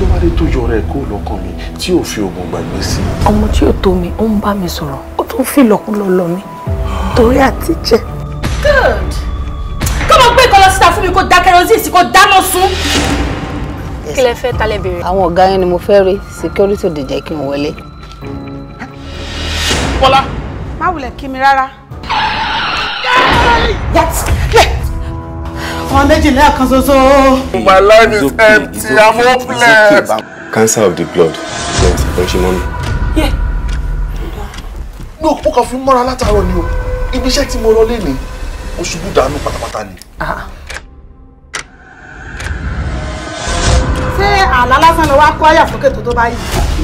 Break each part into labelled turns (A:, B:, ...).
A: ló wá dé tó yọra ẹ̀ kó lọ́kàn mi tí ò fi oògùn gbàgbé sí.
B: ọmọ tí ò tó mi ó ń bá mi sọ̀rọ̀ ó tún fi lọ́kùnlọ́ lọ mi torí àti jẹ. good kọ́mọ pé kọ́ lọ síta fún mi kó dá kerosene sí kó dáná
C: sun. kí lẹ fẹ́ talẹ̀ béèrè.
B: àwọn ọ̀gá yẹn ni mo fẹ́ rí security ò dé kí n
C: wọlé. Bọ́lá. má wulẹ̀ kí mi rárá. What? ọkàn méjì lẹ́ẹ̀kan ṣoṣo.
A: my
D: life is empty i'm
A: hopeless.
D: cancer of the blood yes ọ̀rẹ́sì mọ́
A: mi. mi ò kó kan fi mọ́ra látàárọ̀ ni o ibi iṣẹ́ tí mo rọ lénìí mo ṣubú dànù pátápátá ni. Ah.
C: ṣé àlá lásán ni wàá kó àyà sókè tó tó báyìí.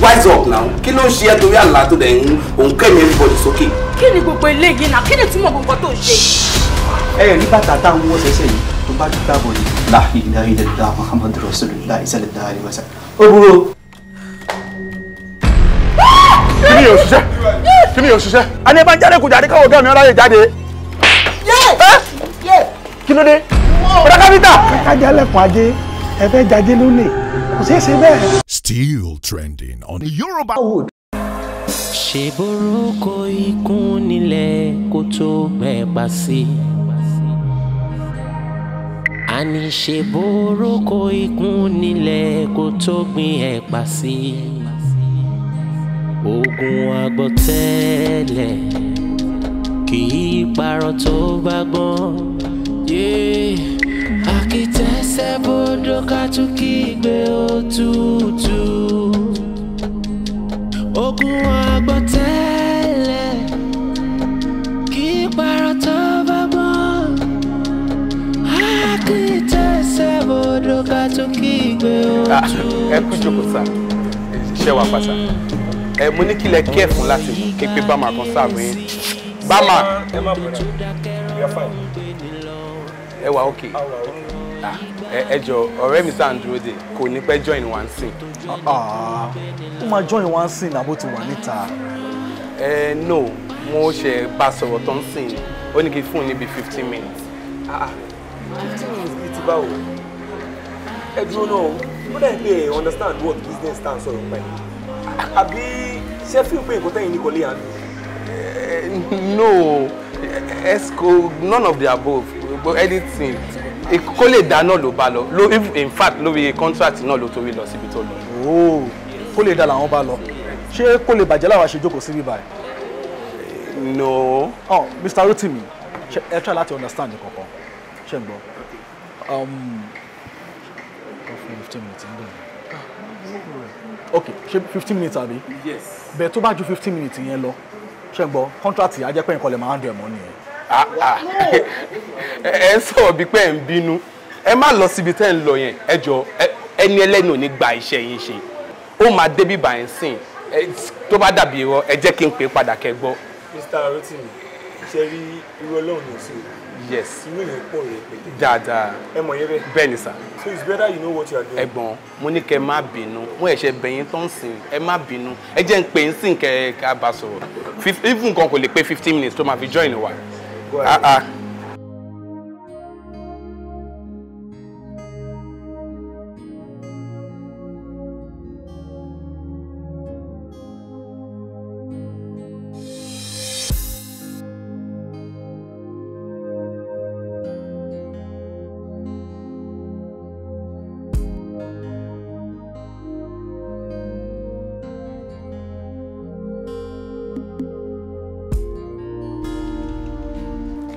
A: wise up now kí ló ń ṣe ẹ́ torí àlá tó dẹ̀ ń òun kẹ́mi everybody sókè.
C: kí ni gbogbo eléyìí náà kí ni túmọ̀
B: gbogbo
E: tó ṣe ẹ rí bàtà táwọn wọ ṣẹ̀ṣẹ̀ yìí tó bá dúpẹ́ àbọ̀ yìí láàyè láàyè lẹ́la muhammadu rasulillah ìṣẹ̀lẹ̀ dáa ni wàṣà ó burú.
F: kíni yóò ṣiṣẹ́
A: kíni yóò ṣiṣẹ́. àní bá jáde kò jáde káwọ́ gẹ́mi ọláyè jáde. kí ló dé ọ̀dà káfíńtà. ajé
G: ẹ jajé lónìí kò ṣeé ṣe bẹ́ẹ̀. still trending on
F: Yorubawood
G: ṣe borúkọ ikún nílẹ̀ kó tó pẹ̀pà sí i. àní ṣe borúkọ ikún nílẹ̀ kó tó gbin ẹ̀pà sí i. ogun agbọ́tẹ́lẹ̀ kì í parọ́ tó bá gbọ́n. àkìtẹ́sẹ̀ bodò ká tún kígbe òtútù ogun àgbọ̀tẹ́lẹ̀ kí parọ́ tó bá gbọ́n á kì í tẹ̀sẹ̀ bodò ká tún kí ìgbé ah, ojú. ẹ kú jókòó sá ṣe pàṣà
A: ẹ mo ní kí kí ẹ láti ké pé bàmà kan sáàbù yín bàmà
G: ẹ wà ókè. Okay. Ah,
A: ẹ jọ ọ̀rẹ́ mi sáà ń dúró dè kò ní pẹ́ join wa ń ah, ó máa join wa ń sìn
E: àbó ti wà níta.
A: ẹ no mo ṣe bá sọ̀rọ̀ tó ń sìn ni ó ní kí fún níbi fifteen minutes. Ah, fifteen minutes bíi ti báwo ẹ dúró náà ó dẹ̀ pé ẹ understand what business stand sọ̀rọ̀ pẹ̀ àbí ṣé fi ń pé nǹkan tẹ́yìn ní kò lè hàn. no esco none of the above editing kó lè dá náà ló bá lọ in fact lórí contract náà ló torí lọ síbi tó lọ. Oh, kó lè dá làwọn bá lọ ṣé kó lè bàjẹ́ làwọn ṣe jókòó síbí báyìí. no. oh Mr. Rotimi ẹ try láti understand ní kankan ṣe ń gbọ́. Um, oh, fifteen minutes ń
H: bẹ̀rẹ̀
A: ok ṣe fifteen minutes Abi. yes. bẹ́ẹ̀ tó bá ju fifteen minutes yẹn lọ ṣe ń gbọ́ contract yìí á jẹ́ pé nǹkan lè máa ń dùn mọ́ nìyẹn ẹ ń sọ̀rọ̀ bíi pé ẹ̀ ń bínú ẹ má lọ síbi tẹ́ ń lọ yẹn ẹ jọ ẹni ẹlẹ́ni ò ní gba iṣẹ́ yín ṣe ó máa débí bàá ń sìn tó bá dàbí irọ́ ẹ jẹ́ kí n pè é padà kẹ́ gbọ́.
D: Mr. Rotimi ṣe rí irú
A: ọlọ́run ní oṣù yes inú yẹn pọ̀ rẹ̀ pẹ̀lú. dáadáa ẹ mọ̀ yẹn bẹ́ẹ̀. bẹ́ẹ̀ ni sà. so it's better you know what you are doing. ẹ̀gbọ́n mo ní kẹ́ má bínú mo ẹ̀ṣẹ̀ bẹ̀yìn tó ń sìn ẹ má bínú ẹ jẹ́ ń pè ń sìn kẹ́ ká bá sọ̀rọ̀ even kan kò lè pé fifteen minutes tó máa fi join wa. 啊啊。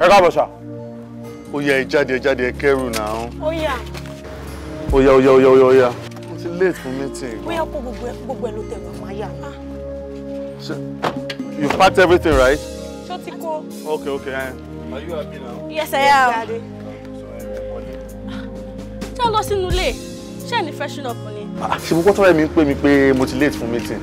A: káàbọ̀ ṣá ó yẹ ìjáde ìjáde kẹrù náà. ó yà. ó yà ó yà ó yà ó yà ó yà mo ti late fún meeting. bóyá
I: kó gbogbo ẹ gbogbo ẹ ló tẹ wà máa ah.
A: you packed everything right. ṣó ti kó. okay okay. are
F: you happy now.
B: yes I am. ṣé o lọ sínú
I: ilé ṣé ẹni freshen up ni.
A: Ah, ṣùgbọ́n kó tọ́wọ́ mi pé mi pé mo ti late fún meeting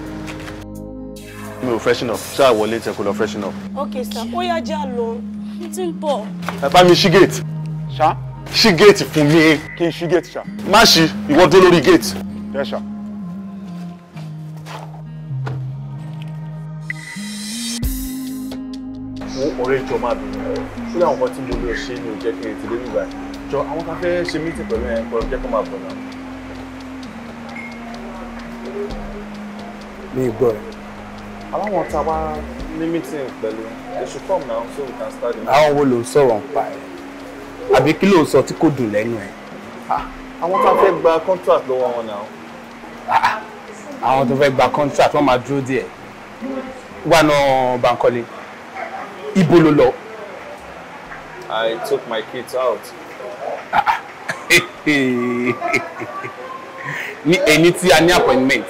A: mi ò freshen up ṣáà wọlé tẹ kó lọ freshen up.
I: okay sir ó yá já lọ mo
H: ti ń bọ̀.
A: ẹ bá mi ṣí gate ṣá ṣí gate fún mi kí n ṣí gate ṣá má ṣí ìwọ dúró lórí gate ẹ ṣá. owó ọ̀rẹ́ ìjọ máa bì sí àwọn kan tí mo lè ṣe ní òjẹ́ kiri ti lé nígbà jọ àwọn kan fẹ́ ṣe mítì pẹ̀lú ẹ̀ kọ́ jẹ́ kó máa bọ̀ náà.
F: mi ì gbọ́ ẹ̀
A: aláwọn tá a wá ní meeting pẹ̀lú èṣù come now so we can start the meeting. àwọn wo ló sọ̀rọ̀ ń pa ẹ̀ àbí kí ló sọ tí kò dùn lẹ́nu ẹ̀. àwọn tó fẹ́ gba contract lọ́wọ́ wọn náà. àwọn tó fẹ́ gba contract wọ́n máa dúró díẹ̀ wà náà Bankole ibo ló lọ. I took my kids out. ní ẹni tí a ní appointment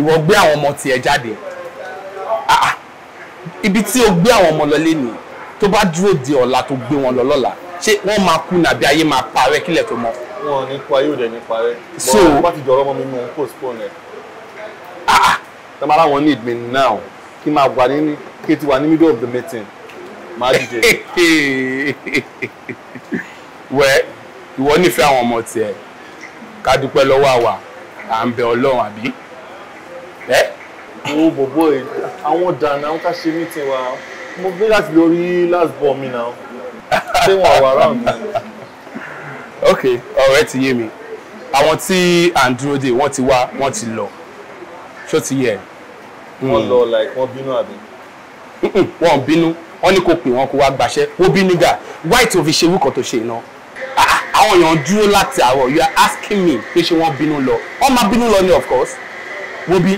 A: ìwọ gbé àwọn ọmọ tiẹ̀ jáde ah, ah. ibi tí o gbé àwọn ọmọ lọ lé nìyí tó bá dúró di ọ̀la tó gbé wọn lọ lọ́la ṣé wọ́n máa kú nàbí ayé máa parẹ́ kílẹ̀ tó mọ́. wọn nípa ayé òde nípa rẹ so bọ́n bá ti jọ̀rọ̀ ọmọ mi mú un postpone ẹ̀. tẹ́lẹ̀ ara wọn need me now kí máa wà ní kí ti wà ní middle of the meeting máa dìde. wẹ́ ìwọ nífẹ̀ẹ́ àwọn ọmọ tiẹ̀ ká dúpẹ́ lọ́wọ́ àwa à ń bẹ ọlọ́run àbí. Eh? owó bọ̀bọ̀ ẹ̀ àwọn dànù àwọn ká ṣe mítìn wa mo gbé láti lọ rí last ball mi náà ṣé wọn wà rà mí. ok ọ̀rẹ́ ti yé mi àwọn tí à ń dúró dè wọ́n ti wá wọ́n ti lọ ṣó ti yẹ. Hmm. like what binu àbí. wọ́n bínú wọ́n ní kò pè wọ́n kó wá gbàṣẹ́ wọ́n bínú gà white ò we ṣe irú kan tó ṣe náà ah, ah, àwọn èèyàn dúró láti àárọ̀ you are asking me pé ṣé wọ́n bínú lọ wọ́n máa bínú lọ of course wọ́n bí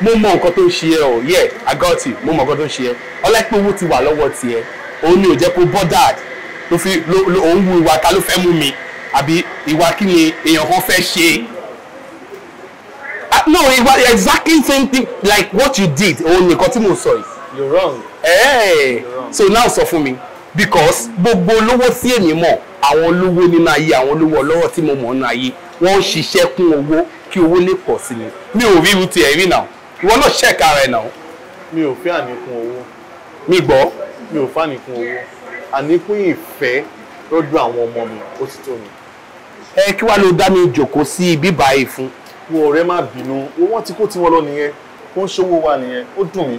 A: mo mọ nǹkan tó ń ṣe ẹ o yeah i got you mo mọ nǹkan tó ń ṣe ẹ ọlẹ́pẹ́ owó ti wà lọ́wọ́ tiẹ̀ òun ni ò jẹ́ kó bothered ló fi òun wu ìwà ta ló fẹ́ mú mi àbí ìwà kí ni èèyàn kan fẹ́ ṣe ah, no ìwà exactly same thing like what you did òun nìkan tí mo sọ yìí. you're wrong. Hey. Eh. You're wrong. so now sọ fún mi because gbogbo olówó sí èmi mọ̀ àwọn olówó nínú ayé àwọn olówó ọlọ́rọ̀ tí mo mọ̀ nínú ayé wọ́n ń ṣiṣẹ́ kún owó kí owó lè pọ̀ sí mi mi ò rí irú tiẹ̀ rí náà ìwọ náà ṣẹ̀ka ara ẹ̀ náà. mi ò fẹ́ àníkún owó. mi gbọ́. mi ò fẹ́ àníkún owó àníkún ìfẹ́ lójú àwọn ọmọ mi ó ti tó mi. ẹ kí wàá ló dá mi jòkó sí ibi báyìí fún. wo ọ̀rẹ́ má bínú wọn ti kó tiwọn lọ nìyẹn ó ń ṣòwò wa nìyẹn ó dùn mí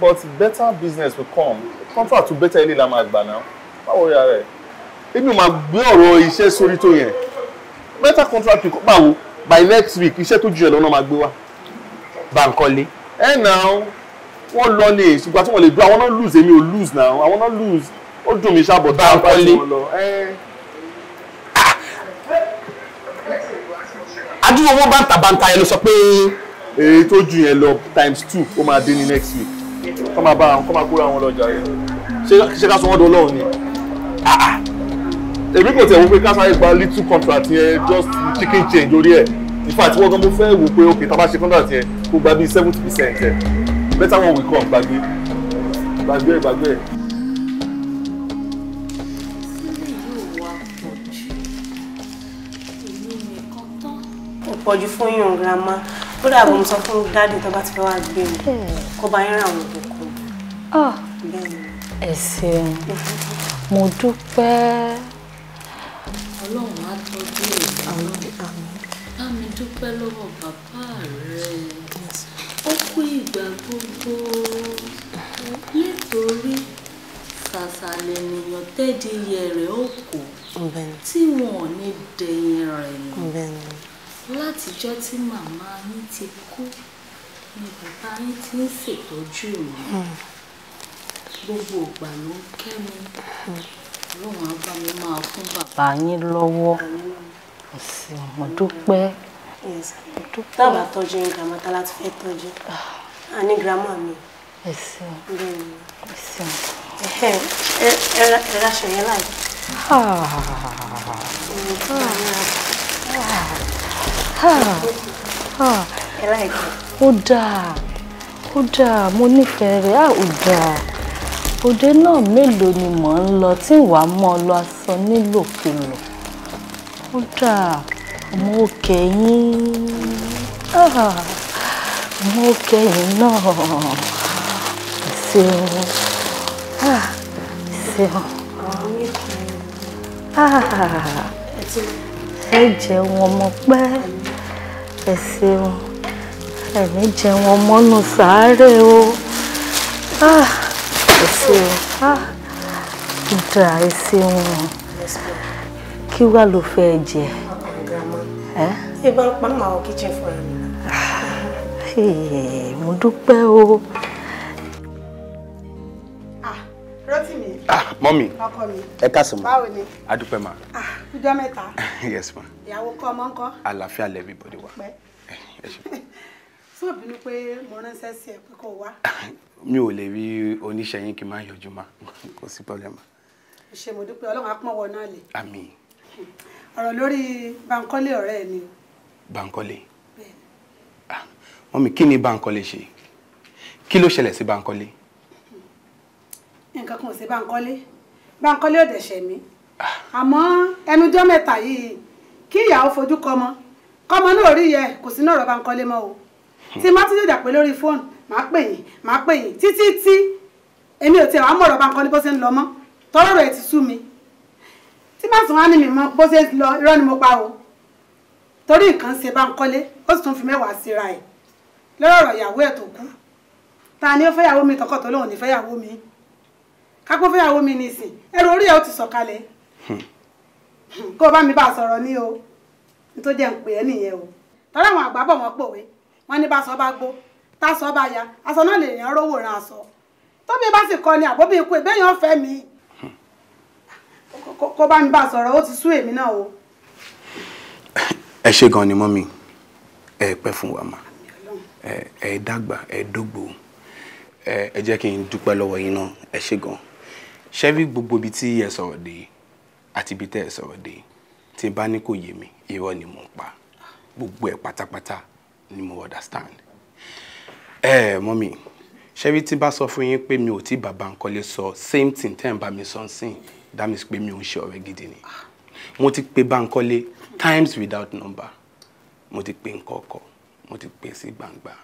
A: but better business will come contract to better ilé la máa gbà náà báwo ya rẹ èmi ò máa gbé ọ̀rọ̀ iṣẹ́ sórí tó yẹn better contract báwo by next week iṣẹ́ tó ju ẹ̀ lọ́nà máa gbé wá. Bankole. ẹ náà wọ́n lọ lè ṣùgbọ́n tí wọ́n lè dún àwọn náà lose èmi ò lose náà àwọn náà lose ó dùn mí ṣàbọ̀ Bankole.
F: adúgbò wọn bàǹtà bàǹtà yẹn ló
A: sọ pé. èyí tó ju yẹn lọ times two ó máa dé ní next week kọ́ máa bá àwọn kọ́ máa kóra wọn lọ́jà yẹn ṣé ká sọ wọ́n dọ́lọ́run ni ah, ah. èmi kò tẹ̀ wọ́n pé ká sáré gba little contract yẹn just chicken change lórí ẹ̀ in fact wọ́n gan mo fẹ́ wò pé okay tá a bá ṣe contract yẹn kó gba bíi seventy percent ẹ̀ better one will come gbàgbé gbàgbé gbàgbé.
I: pọ̀jù fún yàn grandma kódà bó mo sọ fún dáàdì tó bá ti fẹ́ wá
H: gbé mi kó bá yín ra àwọn òkú. ẹ ṣeun mo dúpẹ́. ọlọ́run á tọ́jú àwọn àmì bá mi dúpẹ́ lọ́wọ́ bàbá rẹ ó kú ìgbà gbogbo nítorí ṣàṣà lènìyàn tẹ́dí iyẹ rẹ̀ ó kù tí wọn ò ní dẹ̀yìn rẹ̀ nù látijọ́ tí màmá yín ti kú ni bàbá yín ti ń ṣètọ́jú mi hmm. gbogbo ìgbà ló ń kẹ́ mi hmm. lóun á bá mi máa fún bàbá yín lọ́wọ́ kò sí mo dúpẹ́.
I: mo dúpẹ́. tábà tọ́jú ní grandma tá láti fẹ́ tọ́jú à ní grandma mi. ẹ ṣeun ẹ ṣeun. ẹ ẹ raṣọ yẹn láì.
H: ẹ láì kẹ. ó dáa ó dáa mo nífẹ̀ẹ́ rẹ̀ á ò dáa òde náà mélòó ni mò ń lọ tí ìwà mọ́ ọ lọ aṣọ nílòkulò kódà ọmọ òkè ọmọ òkè náà ṣeun ah, ṣeun ah, ẹ jẹun ọmọ pẹ́ ẹ ṣeun ẹ̀mí jẹun ọmọ nù sáré o ah, ẹ ṣeun ẹ ṣeun kí wá ló fẹ́ jẹ?
I: ẹ bá ń pa màá kíchìn fún ẹ.
H: Ah, eh, mo dúpẹ́ o.
C: Rotimi. ah, ah mọ́mí ẹ káàsán ma báwo ni ma. ah ọjọ́ mẹ́ta. yes ma. ìyàwó kọ́ ọmọ ńkọ́.
A: àlàáfíà lẹ́bí bọ́dé wa. Eh, ẹ ṣe.
C: sọ bínú pé mo ránṣẹ́ sí ẹ pé kó wá.
A: mi ò lè rí oníṣẹ́ yín kí n máa yọjú ma kò sí pọ́blẹ́mà.
C: ṣe mo dúpẹ́ ọlọ́run á pọ́n wọ náà lè. àmín ọ̀rọ̀ lórí Bankole ọ̀rẹ́ ni.
A: Bankole ah, mọ́mí kí ni Bankole ṣe kí ló ṣẹlẹ̀ sí Bankole.
C: nǹkan kan ò sí Bankole Bankole ò dẹ̀ṣẹ̀ mí ah. àmọ́ ẹnujọ́ mẹ́ta yìí kí ìyàwó fojú kọmọ kọmọ náà rí yẹ kò sínú ọ̀rọ̀ Bankole mọ́ o hmm. tí má tún dàpẹ́ lórí fóònù má pè yín má pè yín títí tí èmi ò tiẹ̀ wá mọ̀rọ̀ Bankole bó ṣe ń lọ mọ́ tọ́rọ̀ rẹ̀ ti sú mi tí má sùn wá ní mi mọ bó ṣe lọ irọ́ ni mo pa o torí nǹkan ṣe bá ń kọ́lé ó sì tún fi mẹ́wàá síra ẹ̀ lọ́rọ̀ ọ̀rọ̀ ìyàwó ẹ̀ tó kú ta ni ó fẹ́yàwó mi tọkọ tó lóun ní fẹ́yàwó mi kápó fẹ́yàwó mi nìsín ẹrù orí ẹ̀ ó ti sọ̀kalẹ̀ hmm. kó o bá mi bá a sọ̀rọ̀ o nítorí jẹ́ ń pè ẹ́ nìyẹn o tọ́lá àwọn àgbà bọ̀ wọ́n pòwe wọ́n ní bá sọ bá gbó tá sọ bá ya aṣọ náà lè yàn rówó ran aṣọ tóbi bá sì kọ ni àbóbi ikú ìbéèyàn fẹ́ mi kó bá mi bá sọ̀rọ̀ ó ti sú èmi náà o.
A: ẹ ṣe gan ni mọ́mí ẹ pẹ́ fún wa mà ẹ dàgbà ẹ dógbò ẹ jẹ́ kí n dúpẹ́ lọ́wọ́ yín náà ẹ ṣe gan ṣé bí gbogbo ibi tí ẹ sọ̀rọ̀ dé àti ibi tẹ́ ẹ sọ̀rọ̀ dé tí bá ní kò yé mi irọ́ ni mo ń pa gbogbo ẹ̀ pátápátá ni mo understand. Eh, mommy. mọ́mí ṣé bí tí bá sọ fún yín pé mi ò tí bàbá nǹkan lè sọ same thing ten ba mi sọ ń that means pé mi ò ń ṣe ọ̀rẹ́ gidi ni mo ti pe Bankole times without number mo ti pe nǹkan ọkọ mo ti pe sí gbangba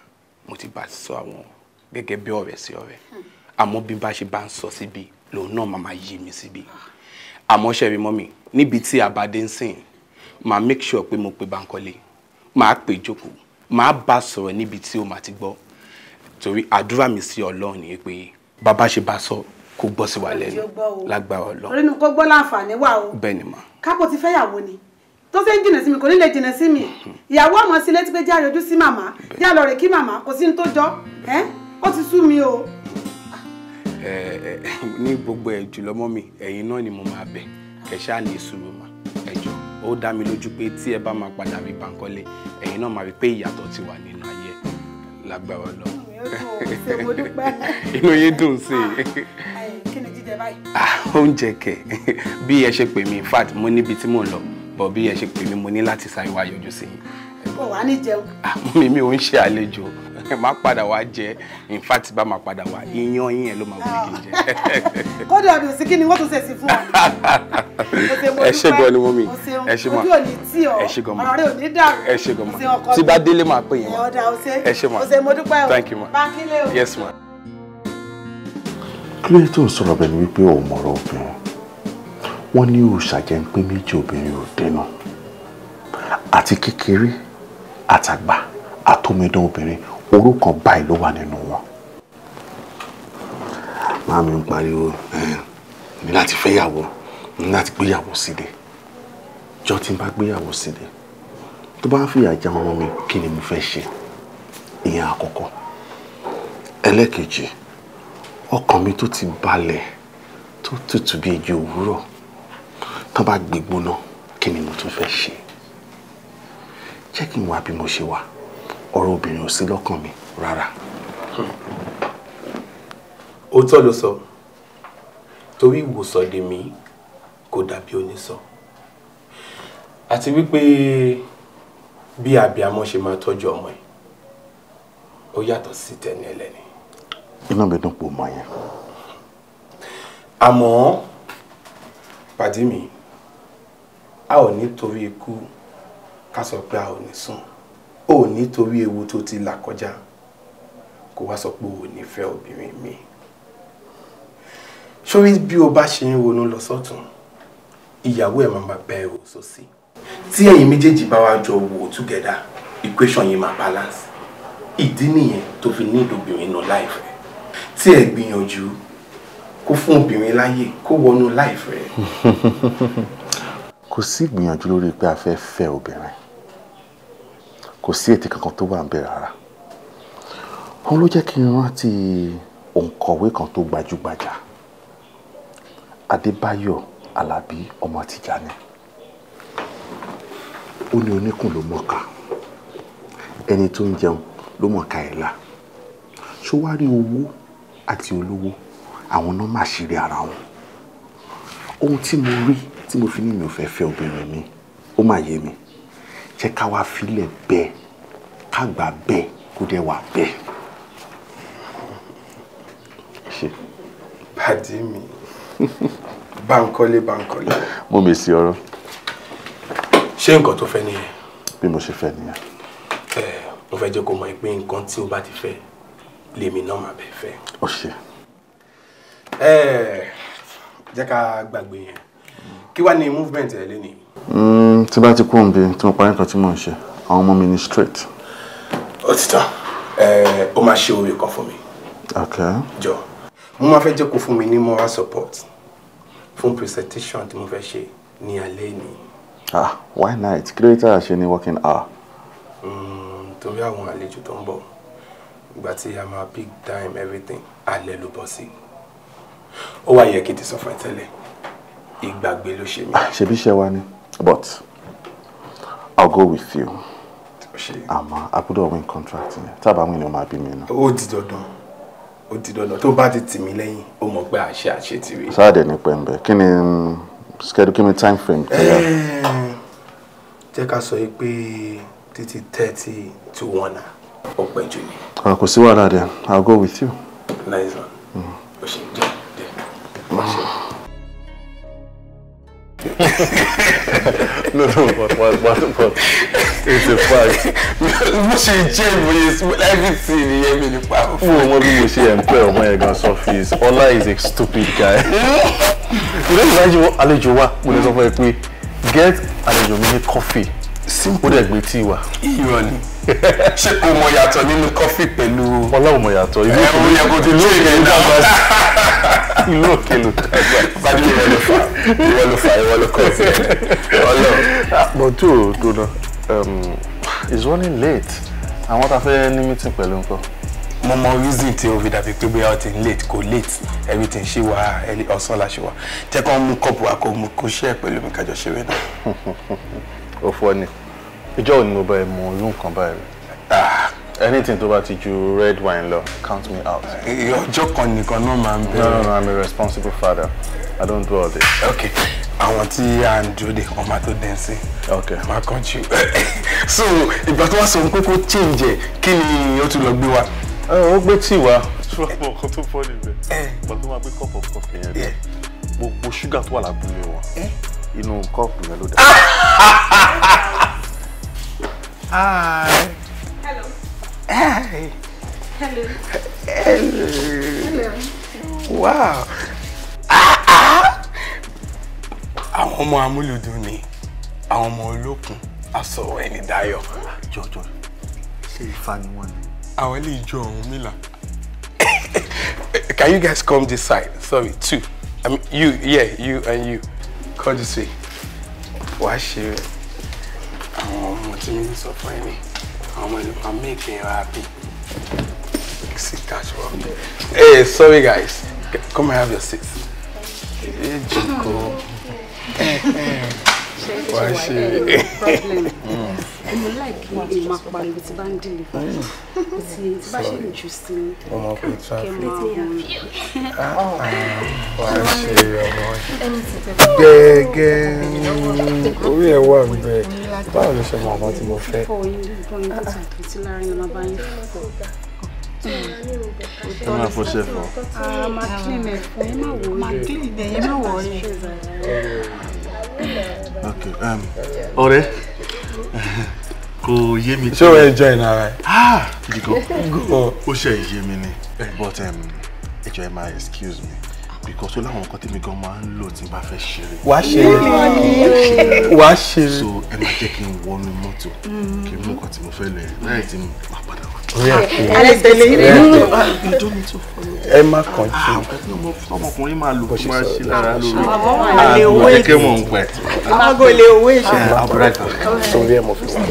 A: mo ti bá sọ àwọn gẹ́gẹ́ bí ọ̀rẹ́ sí ọ̀rẹ́ àmọ́ bí n bá ṣe bá so sọ síbi lòun náà máa máa yí mi síbi àmọ́ ṣẹ̀rí mọ́mì níbi tí àbádé ń sìn máa make sure pé mo pe Bankole máa pè jókòó máa bá sọ̀rọ̀ níbi tí o máa ti gbọ́ torí àdúrà mi sí Ọlọ́run ni pé bàbá ṣe bá sọ kó gbọ́ sí wa lẹ́nu lágbára ọlọ. orí
C: nu kó gbọ́ láǹfààní wà o. bẹ́ẹ̀ ni mà. kápò ti fẹ́yàwó ni tó fẹ́ ń jìnà sí mi kò ní lè jìnà sí mi ìyàwó ọmọ sí létí pé jáde ojú sí màmá jáde lọ rè kí màmá kò sí ní tó jọ ẹ ó ti sú mi o.
A: ẹ ẹ ní gbogbo ẹ jùlọ mọ mi ẹ̀yin náà ni mo máa bẹ̀ ẹ ṣáà ní sùúrù mà ẹ jọ ó dá mi lójú pé tí ẹ bá máa padà rí Bánkọ́lé ẹ̀yin náà máa rí pé ìyàtọ̀ ti wà nínú ayé lágbára lọ. inú yín dùn sí i. Ah, kí ni jíjẹ báyìí. Ah, oúnjẹ kẹ bí ẹ ṣe pè mí in fact mo níbi tí mò ń lọ bọ bí ẹ ṣe pè mí mo ní láti sáré wá yọjú sí i.
C: kò wá ní jẹun.
A: Ah, mi mi ò ń ṣe àlejò má padà wá jẹ in fact bá má padà wá iyán yín ẹ ló máa wọlé kí n jẹ.
C: kódà ọdún sí kí ni wọ́n tún ṣe sí fún wa.
A: ẹ ṣe gan ni mo mi ẹ ṣe mọ ojú òní
C: tí ọ ọ̀rọ̀ rẹ ò ní dàrú ẹ ṣe gan mọ tí bá délé máa pè yín ẹ ṣe mọ thank
A: you ma yes ma lóye tó sọ̀rọ̀ bẹ́ẹ̀ ni wípé ò mọ̀rọ̀ obìnrin wọ́n ní òòṣà jẹ́ ń pé méjì obìnrin ò dènà àti kékeré àtàgbà àtọmọdán obìnrin orúkọ báyìí ló wà nínú wọn. máa mi ń pariwo ní láti fẹ́yàwó ní láti gbéyàwó síde jọ tí n bá gbéyàwó síde tó bá ń fìyà jẹ ọmọ mi kí ni mo fẹ́ ṣe ìyẹn àkọ́kọ́ ẹlẹ́kejì. E ọkàn mi tó ti balẹ̀ tó tutù bí ejò òwúrọ̀ tán bá gbígbóná kí ni mo tún fẹ́ ṣe jẹ́ kí n wá bí mo ṣe wà ọ̀rọ̀ obìnrin ò sí lọ́kàn mi rárá. òótọ́ ló sọ torí ìwòsàn dèmí kò dàbí onísọ àti wípé bí abiyamọ ṣe máa tọ́jú ọmọ ẹ̀ ó yàtọ̀ sí tẹni ẹlẹ́ni inú mi dùn pò mọ yẹn. àmọ́ pàdé mi a ò ní torí ikú ká sọ pé a ò ní sùn o ò ní torí ewu tó ti là kọjá kó wá sọ pé o ò ní fẹ́ obìnrin mi sórí bí o bá ṣe ń ronú lọ sọ́tún ìyàwó ẹ̀ máa bẹ́ ẹ o sósì tí ẹ̀yin méjèèjì bá wá jọ wò together equation yìí máa balance ìdí nìyẹn tó fi ní ìdòbìnrin nù láìfẹ́ tí ẹ gbìyànjú kó fún obìnrin láyè kó wọnú life rẹ̀. kò sí ìgbìyànjú lórí pé a fẹ́ fẹ́ obìnrin kò sí ètè kankan tó wà ń bẹ rárá wọn ló jẹ́ kí n rántí òǹkọ̀wé kan tó gbajúgbajà Adébáyọ̀ Alábí ọmọ Tìjàní ó ní oníkùn ló mọ̀ọ́ká ẹni tó ń jẹun ló mọ̀ọ́ká ẹ̀ la ṣó wá rí owó àti olówó àwọn náà máa ṣeré ara wọn ohun tí mo rí tí mo fi ní mi ò fẹ́ fẹ́ obìnrin mi ó máa yé mi jẹ́ ká wá filẹ̀ bẹ́ẹ̀ ká gbà bẹ́ẹ̀ kó dẹ̀ wà bẹ́ẹ̀. pàdé mi Bankole Bankole. mo mèsì ọ̀rọ̀. ṣé nǹkan tó fẹ́ nìyẹn. bí mo ṣe fẹ́ nìyẹn. ẹ mo fẹ́ jẹ́ kó mọ̀ pé nǹkan tí o bá ti fẹ́ lèmi náà máa bẹ̀ fẹ́. ó ṣe. ẹ ẹ jẹ́ ká gbàgbé yẹn kí wàá ní movement ẹ̀ lẹ́nu. Mm, tí bá ti kú òǹbí tí mo parí nǹkan tí mò ń ṣe àwọn ọmọ mi ní straight. ó ti tán ó máa ṣe oore kan fún mi. jọ mo máa fẹ́ jẹ́ kó fún mi ní moral support fún presentation tí mo fẹ́ ṣe ní alẹ́ ni. ah why night kí ló dé tá a ṣe ní working hour. Mm, torí àwọn àlejò tó ń bọ̀ ìgbà tí a máa big time everything alẹ́ ló bọ́ sí ó wá yẹ kí n ti sọ fún ẹ tẹ́lẹ̀ ìgbàgbé ló ṣe mí. ṣebí iṣẹ́ wa ni but I'll go with you àmọ́ agbọ́dọ̀ win contract yẹn tábà win ni ó máa bí mi nù. ó di dandan ó di dandan tó bá ti tì mí lẹ́yìn ó mọ̀ pé àṣẹ àṣẹ ti rí. sáàdẹ̀ ní pẹ́ńbẹ́ kí ni mm, schedule kí ni time frame tẹ́lẹ̀. jẹ́ ká sọ pé títí thirty to one hour ó pẹ́ jù ni. kò sí wàhálà dẹ I'll go with you. nice one. o mm. ṣe jẹ jẹ o ṣe.
F: no no but but but but it's a fact.
A: mo ṣe jẹ́ ìwé everything ìyẹn mi nípa. mo mọ bí mo ṣe employ ọmọ yẹn gan surface Ọlá is a stupid guy. ìrẹsì ìdájọ́ àlejò wa mo lè sọ fún ẹ pé get àlejò mi ní coffee ó dẹ̀ gbé tí wa. irọ́ ni ṣé kò mọ yàtọ̀ nínú kọfí pẹ̀lú. ọlọ́run mọ yàtọ̀ ìlú òkèlú ẹ̀rọ yẹn ìlú dàgbà ìlú òkèlú. bájú ìwọ ló fà ìwọ ló fà ìwọ ló kọ sí ọlọ́run. àpò tí ò dúná it's running late àwọn tá a fẹ́ ní meeting pẹ̀lú nǹkan mo mọ reason tí o fi dàbí pé bóyá o ti late kò late everything ṣe wá ọ̀sán la ṣe wá jẹ́ kó mú kọ́ọ̀pù wa kó mú kó ṣe é pẹ̀lú mi kájọ ṣeré náà. ó ni ìjọ ò ní mo bá ẹ mọ irú nǹkan báyìí ah, anything tó bá ti ju red wine lọ count me out. Eh, eh, ọjọ́ kan nìkan náà máa ń bẹ̀rẹ̀. no no no i'm a responsible father i don't do all this. okay àwọn tí a ń dúró de ọmọ tó dẹ́n sí. okay máa kàn you? so ìgbà tó wá sọ pé kó change ẹ kí ni ó tún lọ gbé wa. ó gbé tí wa. ṣùgbọ́n àwọn ọkọ tó fọ́ níbẹ̀ ìgbà eh. tó máa gbé cup of coffee yẹn gbogbo ṣúgà tó wà lábúlé wọn inú kọ́ọ̀pù yẹn ló dá.
G: Hi. Hello. Hey. Hello. Hello. Wow.
A: Ah, ah. Àwọn ọmọ amúlùdùn ni àwọn ọmọ olókun asọ̀rọ̀ ẹni dayọ̀. Jọjọ ṣe ìfà ni wọ́n ni. Àwọn ilé ìjọ ọ̀hún mìlá. Can you guys come this side? Sorry, two. I mean, you, yeah, you and you. Come this way. Wàá ṣe rẹ̀ àwọn ọmọ tí mi ń sọ fún ẹ̀mí àwọn make it happy sit down ṣe hey sorry guys come and have your seats. ẹ jẹ́
F: wá ṣe èmi láìkí èmi máa pariwo tí bá ń
C: dìlì fún mi tí bá ṣe lè jù sí i
G: ọmọ kò tráfíkì wá ṣe
F: ọmọ
A: gẹ́gẹ́ orí ẹ̀ wà bẹ́ẹ̀ báwo ló ṣe mọ ọmọ tí mo fẹ́. Ẹ máa fọ ṣe fọ.
J: Máa ẹ̀
I: fún ẹ
C: má
E: wọlé. Máa clean
I: ẹ̀ yẹn má wọlé.
A: Okay. Um. yé mi. ṣé o ẹ jọ ìnà ara ẹ. Ah! gidi gan o ṣe yé ni eh, but um, ẹ máa excuse me because ó láwọn nǹkan tèmi gan máa ń lò tí n bá fẹ́ ṣeré. wà á ṣeré wà á ṣeré. so ẹ máa jẹ́ kí n wọnú mọ́tò kí n mú nǹkan tí mo fẹ́ lẹ̀ láì tí mo pa padà wá. Ah, ẹ má kàn jù. Ah, ọmọkùnrin máa lò kí máa ṣe lára lórí àgbo kẹ́kẹ́ mọ̀ ń pẹ́. àgbo lè owó ìṣe. àbúrò àgbà sórí ẹ̀ mọ̀ fún wa.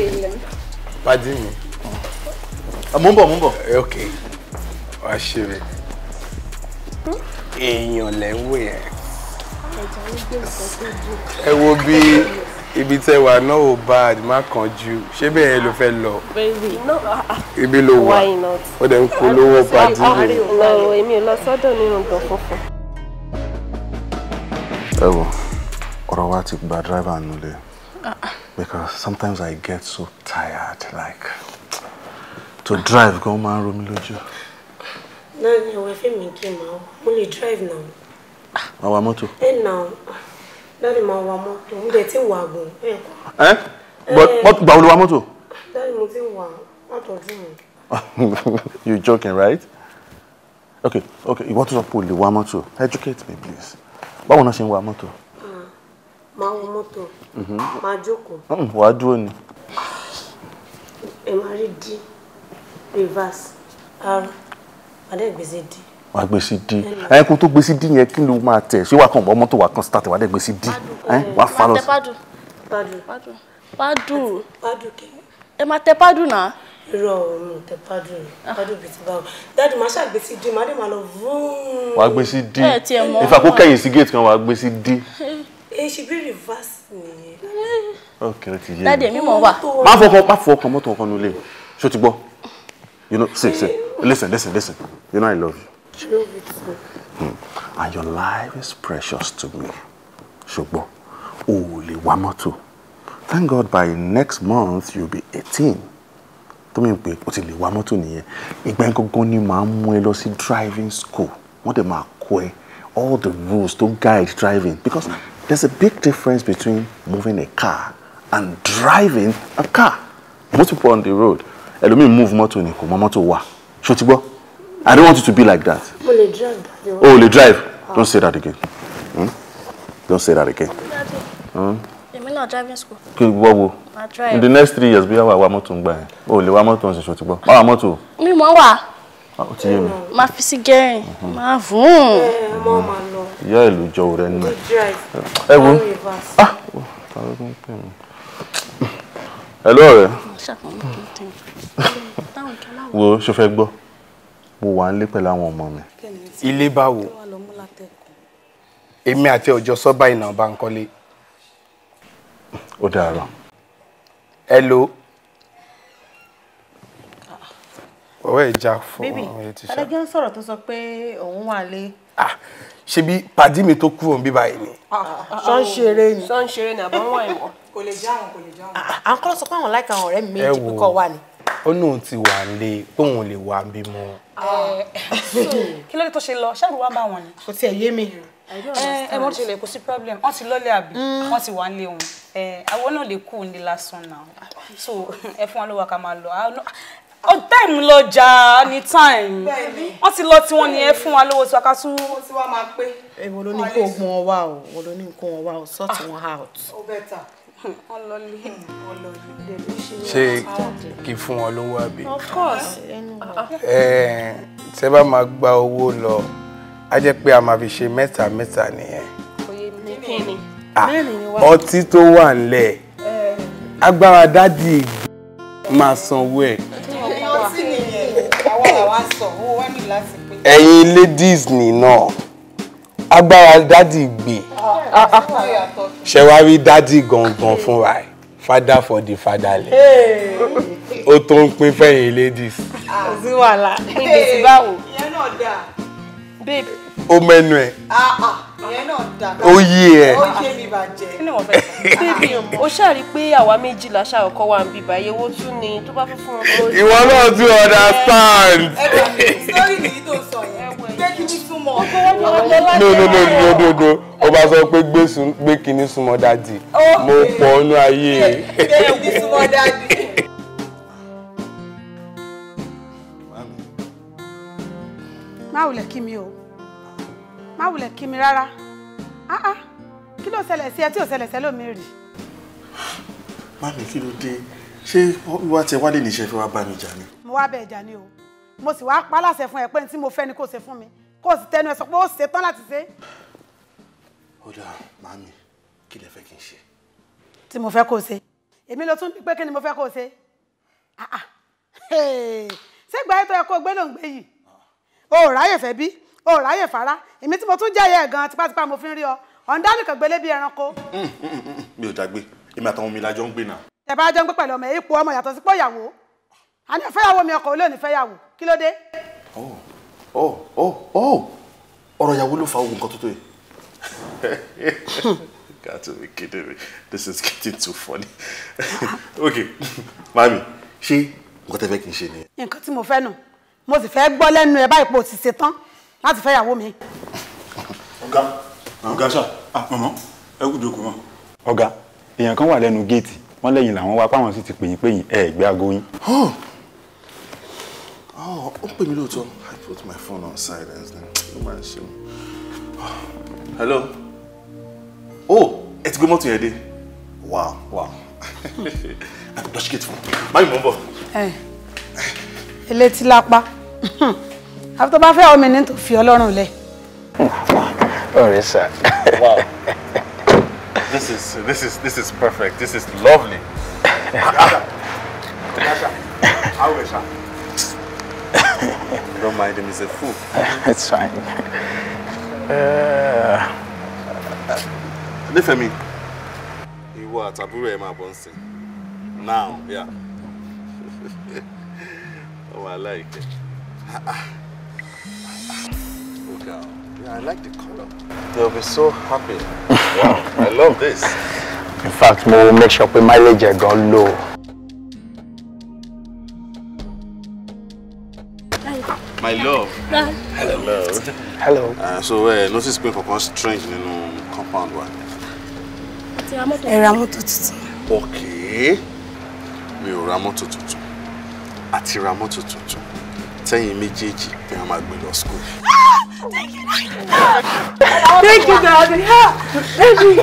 A: pàdé mi. mo ń bọ̀ mo ń bọ̀. ok wà á ṣeré èèyàn lẹ́ ń wò yẹn. ẹ wo bí ibi tẹ wà náà ò bad má kánjú ṣé bẹ́ẹ̀ ló fẹ́ lọ. Ah, ah. ibi ló wà ó dẹ̀ ń polówó ah, pàdé rẹ̀.
I: èmi ò lọ sọ́dọ̀ nínú gbọ̀n funfun.
A: ẹ wo ọ̀rọ̀ wa ti gba dírẹ́fà nulẹ̀. because sometimes I get so tired like to drive gan máa ń ro mi lójú.
I: Now ni ọ̀wẹ́ fẹ́mi me n máa mo drive now. wà á wa mọ́tò. now, nà dáàdì máa wa mọ́tò ń bẹ tí ń Eh.
A: But ẹ kọ. ẹ gbà wo ló wa mọ́tò.
I: dáàdì mo ti wà
A: you joking right? okay okay ìwọ tó sọ pé o lè educate me please báwo náà ṣe ń wa mọ́tò.
I: Ah, máa wọ mọ́tò
A: mhm. máa jókòó. What are you?
I: ẹ máa rí d reverse r
A: wàá gbé sí dí ẹ kó tó gbé sí dí yẹn kí ló máa tẹ ṣé wàá kàn bọ́ mọ́tò wàá kàn start wàá dẹ̀ gbé sí dí wàá fa lọ sí.
I: pádù ẹ máa tẹ pádù náà. irọ́ òun tẹ pádù ah. pádù bíi ti báwo dáàdì máa ṣàgbé sí dí máa dé máa lọ vúùn.
A: wàá gbé sí dí ìfà kó kẹ́yìn sí gate kan wàá gbé sí dí.
I: èyí ṣe bí reverse nìyẹn.
A: ok ó ti yé mi dáàdì èmi mọ̀ wà. má fọkàn mọ́tò ọkàn nulẹ̀ ṣó ti gbọ́ you know say say. Listen, listen, listen. You know I love you. True, hmm. And your life is precious to me. Ṣùgbọ́n, o ò lè wa Thank God by next month you'll be 18. To me, pé o ti lè wa mọ́tò nìyẹn. Ìgbà yẹn gangan ni màá mú ẹ lọ sí driving school. Wọ́n dẹ̀ máa kọ́ ẹ all the rules to guide driving because there's a big difference between moving a car and driving a car. Most people on the road, ẹlòmíì move mọ́tò ni ko mọ mọ́tò wà ṣó ti gbọ́ i don't want you to be like that.
H: Oh, the drive. Oh, the drive
A: don't say that again hmm? don't say that again. You hmm?
H: mean náà driving school.
A: kí wọ́n in the next three years we wà wá mọ́tò ń gbà yẹn o lè wá mọ́tò ń ṣe ṣó ti gbọ́ má wá mọ́tò. mi mọ̀ wá ah, ó ti yé mi.
I: máa fi sí gẹ́rìn mhm. eh, máa fún un. ọmọ
F: ọmọ wo
A: ṣo fẹ́ gbọ́ mo wà nílé pẹ̀lú àwọn ọmọ mi. ilé báwo èmi àti ọjọ́ sọ́ba ìnà bá ń kọ́lé. ó dàárọ̀. hello. ọwọ́ ẹ̀ já fún ọ̀rẹ́ ti sọ. bébì adájọ́
C: ń sọ̀rọ̀ tó sọ pé òun wà lé.
A: ṣebí pàdí mi tó kú òun bí báyìí ni.
I: sọ ń ṣeré ni. sọ ń ṣeré ni àbọ̀ ń wà ìwọ̀. kò lè jáwọn kò lè jáwọn.
C: à ń kọ́ sọ pé àwọn láìka àwọn ọ̀rẹ́ mi méjì pé wà
A: ni ó náà ti wà lé tóun lè wà bí mọ.
B: kí ló dé tó ṣe lọ ṣáà ló wá bá wọn ni. kò tiẹ̀ yé mi ẹ mọ ṣe lè kó sí problem wọn ti lọlé àbí mm. wọn ti wà nílé wọn eh, àwọn náà lè kú ní lásán náà so ẹ fún wọn ló wà ká máa lọ ó ah, oh, time lọjà ní time wọn ti lọ tí wọn ní ẹ fún wa lówó tí wọn ká tún. owó tí wọn máa pé. èwo eh, ló ní kó gun ọ wá o èwo
C: ló ní kó wọn wá o sort ah. wọn out.
A: ṣé kí fún wọn lówó àbí.
H: of course. ẹ
A: tẹ bá máa gba owó lọ a jẹ́ pé a máa fi ṣe mẹ́ta mẹ́ta nìyẹn. Ah, ọtí tó wà ńlẹ̀ agbára dádì máa sanwó ẹ̀. ẹ̀yin ladies ni náà agbára dádì gbè ṣe wá rí dádì gangan fúnra ẹ̀ father for the fatherless ó tó ń pín fẹ́yìn ladies.
J: àzíwàlà pín gbèsè báwo. ìyẹn náà dáa. babe
A: ó mẹ́nu ẹ̀.
J: Ah, ah, ó
A: yí ẹ̀.
B: ó um, ṣàrí pé àwa méjì láṣà ọkọ wa ń
I: bí báyé owó tún ni tó bá fẹ́
F: fún ọkọ. ìwọ náà tún understand. ẹ
I: bá mi sọ́rí
A: nìyí tó sọ yẹn
H: gbé kíní súnmọ́. no no no
A: no no no ó bá sọ pé gbé kíní súnmọ́ dáàdì mo pọ̀ ọ́nú ayé. gbé
F: kíní súnmọ́ dáàdì.
C: máa wulẹ̀ kí mi o má wulẹ̀ kí mi rárá ah ah kí ló ṣẹlẹ̀ sí ẹ tí ò ṣẹlẹ̀ sẹ́lómi rì.
A: Mami kí ló dé? Ṣé wíwá tẹ wálé níṣẹ́ fi wá bá mi jà ni?
C: Mo wá bẹ̀ jà ni o. Mo sì wá pa láṣẹ fún ẹ pé tí mo fẹ́ ni kò ṣe fún mi. Kò sì tẹnu ẹ sọ pé ó ṣe tán láti ṣe.
E: Ó dáa, màámi, kí lẹ fẹ́ kí n ṣe?
C: Tí mo fẹ́ kó ṣe. Èmi ló tún pé kí ni mo fẹ́ kó ṣe? Ah, ah. Ṣé ìgbà yẹn tó yẹ kó gbé ló ń gbé yìí? Ah. O ò ráyè fẹ́ bí? o ráyè fara èmi tí mo tún jẹ́ ẹ̀yẹ gan tipátipá mo fi ń rí ọ ọ̀ǹda nìkan gbélé bí ẹranko.
A: mi ò dàgbé èmi àtàwọn mi lájọ ń gbé náà.
C: ẹ bá jọ ń gbé pẹ̀lú ọmọ ipò ọmọ yàtọ̀ sí pọ̀yàwó àní ìfẹ́yàwó mi ọkọ olóòní fẹ́yàwó kí ló dé.
A: Oh, oh, oh, ọ̀rọ̀ ìyàwó ló fa ogun kan tó tó yìí. Got to be kidding me. This is getting too funny. okay, mami, ṣé nǹkan tẹ́ fẹ́ kí n ṣe nìyẹn.
C: nǹkan tí mo fẹ́ nù mo sì fẹ́ gbọ́ lẹ́nu ẹ̀ báyìí pé o tán láti fẹ́ ìyàwó mi.
A: ọ̀gá ọ̀gá ṣá mọ̀mọ́ ẹ kú jókòó mọ́.
D: ọ̀gá èèyàn kan wà lẹ́nu géètì wọ́n lẹ́yìn làwọn wá páwọn sì ti pèyìn pèyìn ẹ̀ gbé aago yín.
A: Oh! Oh, ó pè mí lóòótọ́ I put my phone on silence then no ah. máa ń ah. hello oh ẹ ti gbé mọ́tò yẹn dé wow wow àti dọ́ṣíkètì fún mi báyìí mo ń bọ̀.
C: ẹ eh. ẹ létí lápá. àbí tó bá fẹ́ ọmọ ní tó fi ọlọ́run lẹ̀.
A: ọ̀rẹ́ oh, sà. wow this is this is this is perfect this is lovely. Don't mind him, he's a fool. It's fine. Nífẹ̀mí, uh, ìwọ àtàbúrò ẹ̀ máa bọ̀ ń sìn. Now, yeah. Oh, I like it go. Yeah, I like the color. They'll be so happy. wow, I love this. In fact, mo we'll make sure pé mileage ẹ̀ low. My love. Hello. Hello. Uh, so, uh, notice going for quite strange in the compound one.
I: Ẹ
A: Okay. Mi ò ra mọ́tò tuntun. Àti sẹ́yìn méjèèjì ni wọ́n máa gbé lọ school. thank you
B: darling
F: thank you.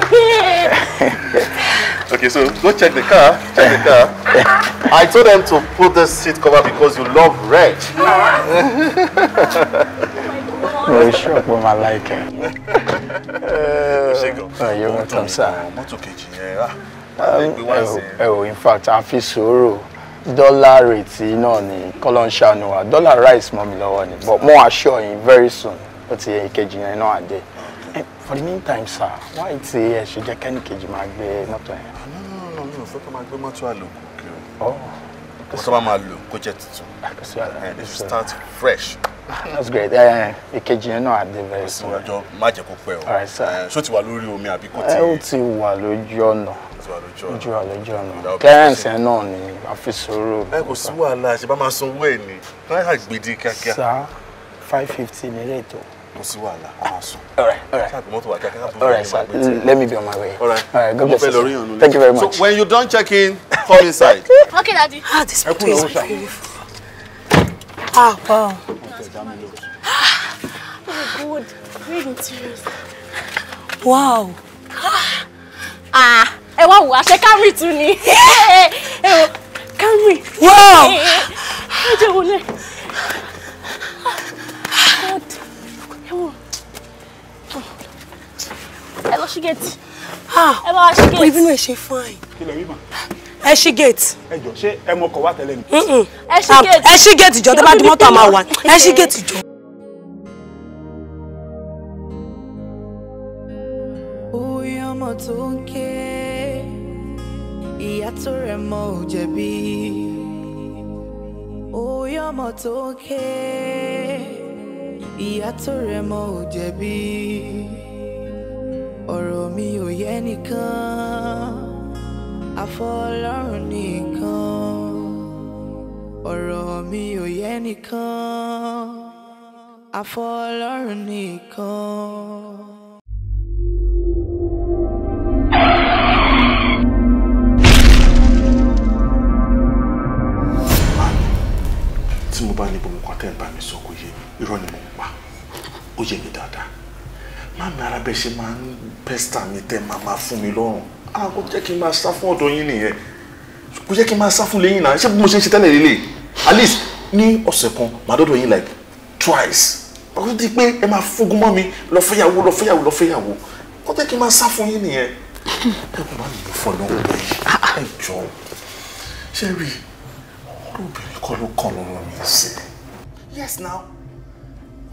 A: okay so go check the car check the car i told them to put the seat cover because you love red. Very sure pé máa like it. Ẹ̀yọ́ wọn tán sáà. Mọ́tò kejì yẹn rà. Ẹ ò in fact a fi sòrò dollar rate náà ni kọ́lọ́n ṣàánú wa dollar rise mommy, mi ni but more assure yín very soon But ti yẹ ìkejì no náà eh, for the meantime sir why ti ẹ ṣe jẹ́ kẹ́ni kejì máa gbé mọ́tò yẹn. Ah, no no no So ò fẹ́ kó máa gbé mọ́tò àlòkù kiri oh, kó sábà máa lò kó jẹ́ tuntun and ah, eh, it start fresh. that's great eh, ìkejì yẹn náà dé very soon. ọjọ́ má jẹ́ kó pẹ́ o ṣó ti wà lórí omi àbí kò tí. ó ti wà lójú ọ̀nà ti wà lójú ọ̀nà. lójú ọ̀nà lójú ọ̀nà clearance yẹn náà ni a fi sọ̀rọ̀. ẹ kò sí wàhálà ṣe bá máa san owó ẹ̀ ní náírà gbèdé kíákíá. sá five fifty ní ilé ètò. kò sí wàhálà a máa sùn. ọ̀rẹ́ ọ̀rẹ́ ṣáà bí mọ́tò wà kíákíá tó fẹ́ẹ́ máa gbé tí. let me be on my way. ọ̀rẹ́ right. mo fẹ́ lọ rí thank you very much. so when you don check in come inside.
C: okay daddy. ah this photo is cool. Ah, wow.
I: oh good very serious.
E: wow.
K: ah ẹ wá wò àṣẹ camry tún ni ẹ wò
H: camry. wow ẹ jẹ́ wọlé ẹ lọ sí
B: gẹ̀ẹ́tì ẹ bá wa sí gẹ̀ẹ́tì. ìbínú ẹ ṣe fine.
A: kí lè rí ẹ ṣí gate. ẹ jọ ṣé ẹ mọ ọkọ wa tẹ́lẹ̀ ni. ẹ ṣí ah, gate ẹ ṣí gate jọ tó di mọ́tò àmà wà ẹ ṣí gate
F: jọ.
J: ó yá ọmọ tó ń ké àtúrẹ̀ mọ́ ò jẹ̀bi òye ọmọ tó ń ké ìyá tó rẹ̀ mọ́ ò jẹ̀bi ọ̀rọ̀ mi ò yẹ nìkan àfọlọ́run nìkan ọ̀rọ̀ mi ò yẹ nìkan àfọlọ́run nìkan.
A: tí mo bá ní gbogbo nǹkan tẹ́ ń bá mi sọ kò yé mi irọ́ ni mo ń pa ó yé mi dáadáa máàmì ara bẹ́ẹ̀ ṣe máa ń pẹ́sítà mi tẹ́ máa máa fún mi lọ́rùn ah kò jẹ́ kí n máa sá fún ọ̀dọ̀ yín nìyẹn kò jẹ́ kí n máa sá fún lẹ́yìn náà ṣé bí mo ṣe ń ṣe tẹ́lẹ̀ lélẹ̀ at least ní ọ̀sẹ̀ kan màá dọ́dọ̀ yín like twice bàbá ti pé ẹ máa fógun mọ́ mi lọ fẹ́yàwó lọ fẹ́yàwó lọ fẹ́yàwó kò jẹ́ kí n máa sá fún yín nìyẹn ẹ kò má lè fọ́ lọ́wọ́ ẹ jọ ṣé rí i obìnrin kọ́ ló kàn lọ́rùn mi sí. yes now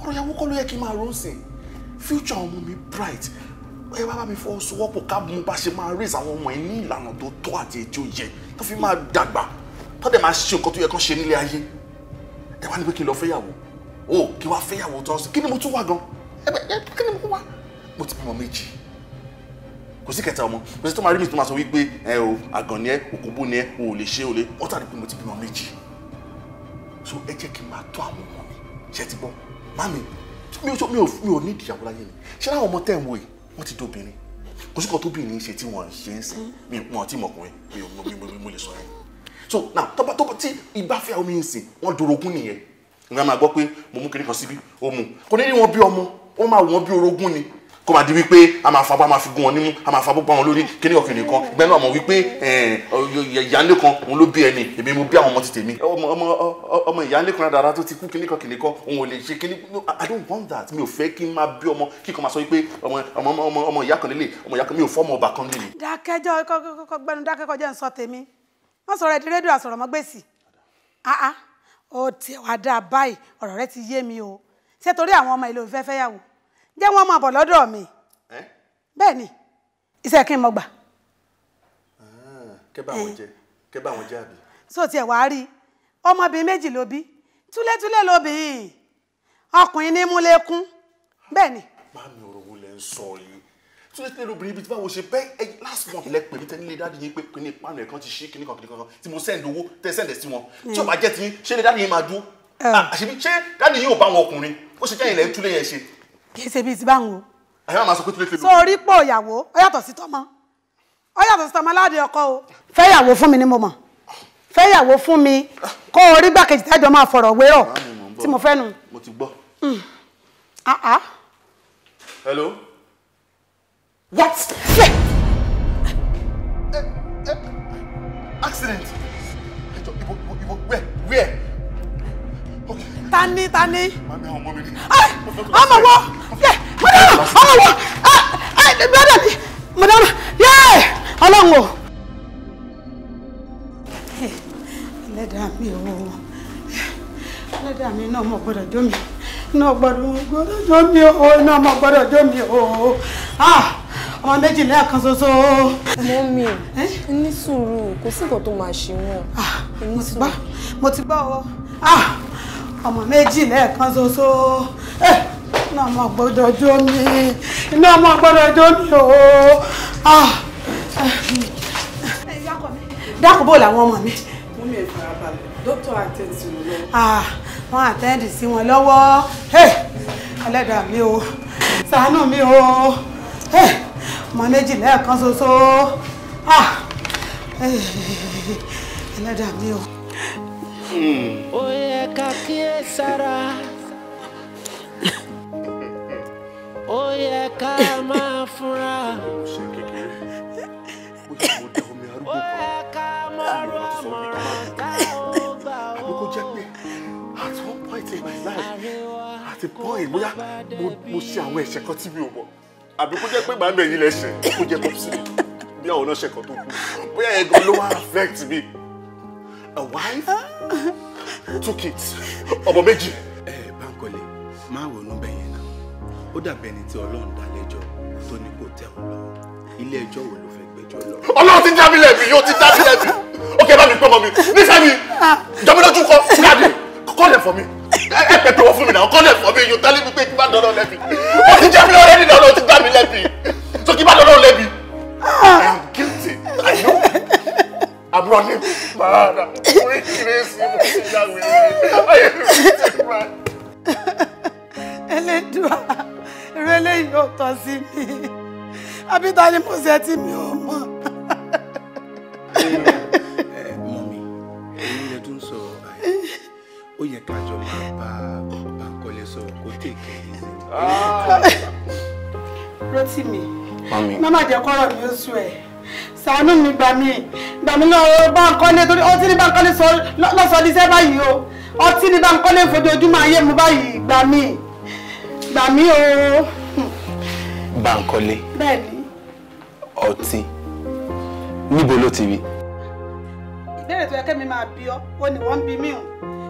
A: ọ̀rọ̀ ìyàwó kọ́ ló yẹ kí n máa rọ́ọ̀sìn future ọmọ mi bright ẹ wá bá mi fọwọ́sowọ́pọ̀ káàbùn bá ṣe máa raise àwọn ọmọ ẹ ní ìlànà tó tọ́ àti ètò yẹ tó fi máa dàgbà tó dẹ̀ máa ṣe nǹkan tó yẹ kán ṣe nílé ayé ẹ wá ní pé kí n lọ fẹ́yàwó o kí wá fẹ́yàwó tó ń sìn kí ni mo tún wá gan ẹ bẹ kí ni mo wá mo ti bímọ méjì kò sí kẹta ọmọ kò sí tó máa rí mi tó máa sọ wípé ẹ o àgàn ni ẹ òkúbó ni ẹ o ò lè ṣe o lè wọ́n tàbí pé mo ti bímọ méjì so ẹ jẹ́ kí n máa tọ́ àwọn ọmọ mi ṣe ti gbọ́ mami mi ò mi ò mi ò ní ìdíyàwó láyé mi ṣé láwọn ọmọ tẹ́ ń wò yìí wọ́n ti dóbìnrin kò sí kan tóbìnrin ṣe tí wọ́n ṣe ń sìn mi wọn ti mọ̀kùnrin mi ò mi mo lè sọ yẹn so now tọ́ba tọ́ba tí ibà fẹ́ omi ń sìn wọ́n dorogún nìyẹn nga máa gbọ́ pé mo mú kiri kan síbi ó mu kò ní ní wọn bí ọmọ wọ́n máa wọ́n bí orogún ni kó máa di wípé a máa fapá máa fi gún wọn nímú a máa fapá gbọ́n wọn lórí kíní ọ̀kìnì kan ìgbẹ́ náà mọ̀ wípé eh, ìyáálé kan òun ló bí ẹni èmi mo bí àwọn ọmọ ti tèmi ọmọ ìyáálé kan dára tó ti kú kíní kan kìnìkan òun ò lè ṣe kíní i don't want that mi ò fẹ́ kí n máa bí ọmọ kí kan máa sọ wípé ọmọ ìyá kan lélẹ̀ ọmọ ìyá kan mi ò fọ́mọ ọba kan lélẹ̀.
C: dákẹ́jọ́ gbẹnu dákẹ́kọ̀ọ́ jẹ́ ń sọ tèmi wọ́n sọ̀rọ̀ ẹ̀dí rédíò àsọ̀rọ̀mọ́gbèsì ó tẹ̀ wá dáa báyìí ọ̀rọ̀ rẹ ti yé o ṣé torí àwọn ọmọ ìlú òfẹ́fẹ́ yàwó jẹ́ wọ́n máa bọ̀ lọ́dọ̀ mi bẹ́ẹ̀ ni iṣẹ́ kí n mọ̀ gbà.
A: Ah, kẹ́ bá wọn eh. jẹ kẹ́ bá wọn jẹ àbí.
C: so tiẹ̀ wá rí ọmọbìnrin méjì ló bí túlétúlé lóbìnrin
A: ọkùnrin ní múlẹ́kún bẹ́ẹ̀ ni. máa mi ọ̀rọ̀ wo lẹ ń sọ yìí túlétúlé lóbìnrin ibi tí báwo ṣe bẹ́ ẹ last month lẹ pè mí tẹ́ nílé dáàdi yín pé pinni ìpanu ẹ̀ kan ti ṣí kinní kan kinní kan tí mo send owó tẹ́ send ẹ̀ sí wọn hmm. tí ò bá jẹ́ ti ṣé dáàdi yín máa dún eh. ah, àṣebí ṣé dáàdi yín ò bá wọn ọkùnrin ó ṣe jẹ́ ilẹ̀ túlé yẹn ṣe kì í ṣe bíi ti báwọn o. ẹ̀yin máa ma sọ pé tílé tílé lò. sórí pò ìyàwó ó
C: yàtọ̀ sí tọmọ ó yàtọ̀ sí tọmọ aládé ọkọ o. fẹ́yàwó fún mi ni mo mọ̀ fẹ́yàwó fún mi kó o rí gbàkejì tẹ́jọ́ máa fọ̀rọ̀ wérọ̀ tí mo fẹ́ nu. mo ti gbọ́. Mm. Ah, ah.
A: hello. what. Eh, eh, accident. ibo ibo where where. okay. Tani, Tani. ta ni. ọmọ
C: wo mọdàlá ọmọ wo mọdàlá mi mọdàlá yẹ ọlọ́run o. ẹlẹ́dàá mi o ẹlẹ́dàá mi náà mo gbọ́dọ̀ jó mi náà gbọ́dọ̀ gbọ́dọ̀ jó mi o náà mo gbọ́dọ̀ jó mi o ah, ọmọ méjì lẹ́ẹ̀kan ṣoṣo. mọ́mí ní sùúrù kò sí nǹkan tó máa ṣe wọ́n. Ah, mo ti gbọ́ mo ti gbọ́ o. Ah, ọmọ méjì lẹ́ẹ̀kan ṣoṣo eh, iná ọmọ gbọ́dọ̀ jó mi iná ọmọ gbọ́dọ̀ jó mi o. Ah, eh, dákun bò làwọn ọmọ mi. mú mi ẹ̀ fara balẹ̀ dókítà àtẹ̀sí lọ. wọ́n àtẹ́ǹdì sí wọn lọ́wọ́ ah, eh, ẹlẹ́dàá mi o ṣàánú mi o ọmọ méjì lẹ́ẹ̀kan ṣoṣo ah, ẹlẹ́dàá mi
F: o
G: ó yẹ ká kíyèsára ó yẹ ká máa fúnra
F: at one point in my life
A: at a point bóyá mo ṣe àwọn ẹ̀ṣẹ̀ kan tí mi ò mọ̀ àbí kó jẹ́ pé màá bẹ̀yìn lẹ́sẹ̀ kó jẹ́ pọ̀ sí mi bí àwọn ọ̀nà a wife two kids ọmọ méjì. ẹ Bankole máa wọnú bẹ̀yẹn náà ó dàbẹ̀ ẹni tí ọlọ́run dá lẹ́jọ́ tó ní kò tẹ̀ ọ́ lọ ilé ẹjọ́ wo ló fẹ́ gbẹ́jọ́ lọ. ọlọ́run ti dá mi lẹ́bi yóò ti dá mi lẹ́bi ok bá mi pé ọmọ mi nífẹ̀ẹ́ ah. mi jọmọdọ́jú kọ síláàdì kọ́lẹ̀ fún mi ẹ pẹ̀pẹ̀ wọ fún mi náà kọ́lẹ̀ fún mi yóò tẹ́lẹ̀ mi pé kí bá dọ́dọ́ lẹ́bi ó ti jẹ́ mi lọ́rẹ́ nínú ọlọ́run ti dá mi lẹ́bi so kí bá dọ́dọ́ lẹ́bi
F: ah. I am guilty I know àbúrò ní bàárà orí kìrìsì mo ti yá wèrè ayé mi ti rà.
C: Elédùà irú eléyìí ò tọ́ sí mi àbí ta ni mo ṣe tí mi ò mọ̀.
A: mọ mi èyí lè tún sọ ó yẹ ká jọ máa bá Bankole sọ̀rọ̀ kó tèké yìí.
C: Ah. Rotimi mama jẹ́ kọ́rọ̀ mi ó sú ẹ ṣàánú mi gbà mí gbà mí náà Bánkọ́lé torí ọtí ní Bánkọ́lé lọ́sọ̀ọ́ díṣẹ́ báyìí o ọtí ní Bánkọ́lé fojoojúmọ́ ayé mu báyìí gbà mí
A: gbà mí o. Bánkọ́lé bẹ́ẹ̀ni ọtí níbo ló ti rí.
C: ìbéèrè tó yẹ kẹ́mi máa bí ọ́ ó ní wọ́n ń bí mí o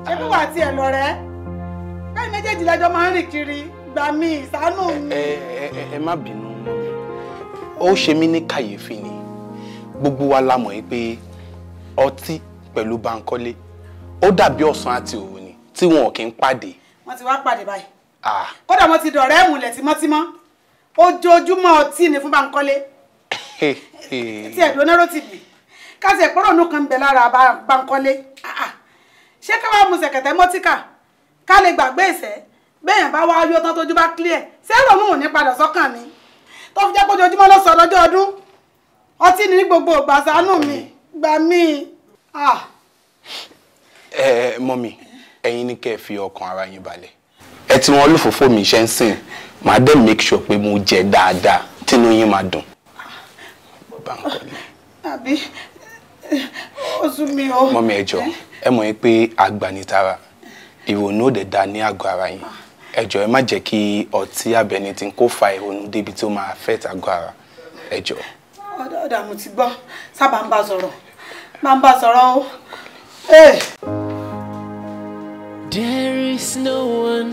C: ṣé bí wàá tiẹ̀ lọ rẹ́ bẹ́ẹ̀ méjèèjì lẹ́jọ́ máa ń rìn kiri gbà mí ṣàánú mi.
A: ẹ ẹ ẹ má bínú ó ṣe mí ní kàyéfì ni gbogbo wa la mọ̀ yìí pé ọtí pẹ̀lú Bankole ó dàbí ọ̀sán àti òru ni tí wọn ò kí ń pàdé.
C: wọ́n ti wá pàdé báyìí. kódà mo ti dọ̀rẹ́ ẹ̀mùlẹ̀ tímọ́tímọ́ ojoojúmọ́ ọtí ni fún Bankole
F: tí
C: ẹ̀dùn onáró ti bì káṣí ẹ̀pọ́rọ̀ ònú kan ń lára Bankole ṣé ká wàá mu sẹ̀kẹ̀tẹ̀ mọ́tíkà ká lè gbàgbé ìṣẹ́ bẹ́ẹ̀ bá wá yóò tán tójú bá clear ṣé ẹ̀rọ mú òní padà sọ́kàn mi tó fi jẹ́ kójoojúmọ́ lọ́sọ̀ọ́ lọ́jọ́ ọdún ọtí ní gbogbo ìgbà ṣàánú mi gbà mí.
A: ẹ ẹ mọ́mì ẹ̀yin ní kẹ́ ẹ fi ọkàn ara yín balẹ̀ ẹ tí wọ́n lùfòfò mi ṣe ń sìn màá dẹ̀ make sure pé mo jẹ dáadáa tínú yín máa dùn.
C: àbí oṣù mi o. mọ́mì
A: ẹ jọ̀ọ́ ẹ mọ̀ pé agbanitara ìrònú òde da ní àgọ́ ara yín ẹ jọ̀ọ́ ẹ má jẹ́ kí ọtí abẹni tí kò fa ìrònú débi tó máa affect àgọ́ ara ẹ jọ̀ọ́
C: ọ̀dà mo ti gbọ́ sábà ń bá sọ̀rọ̀ máa ń bá sọ̀rọ̀ o.
G: There is no one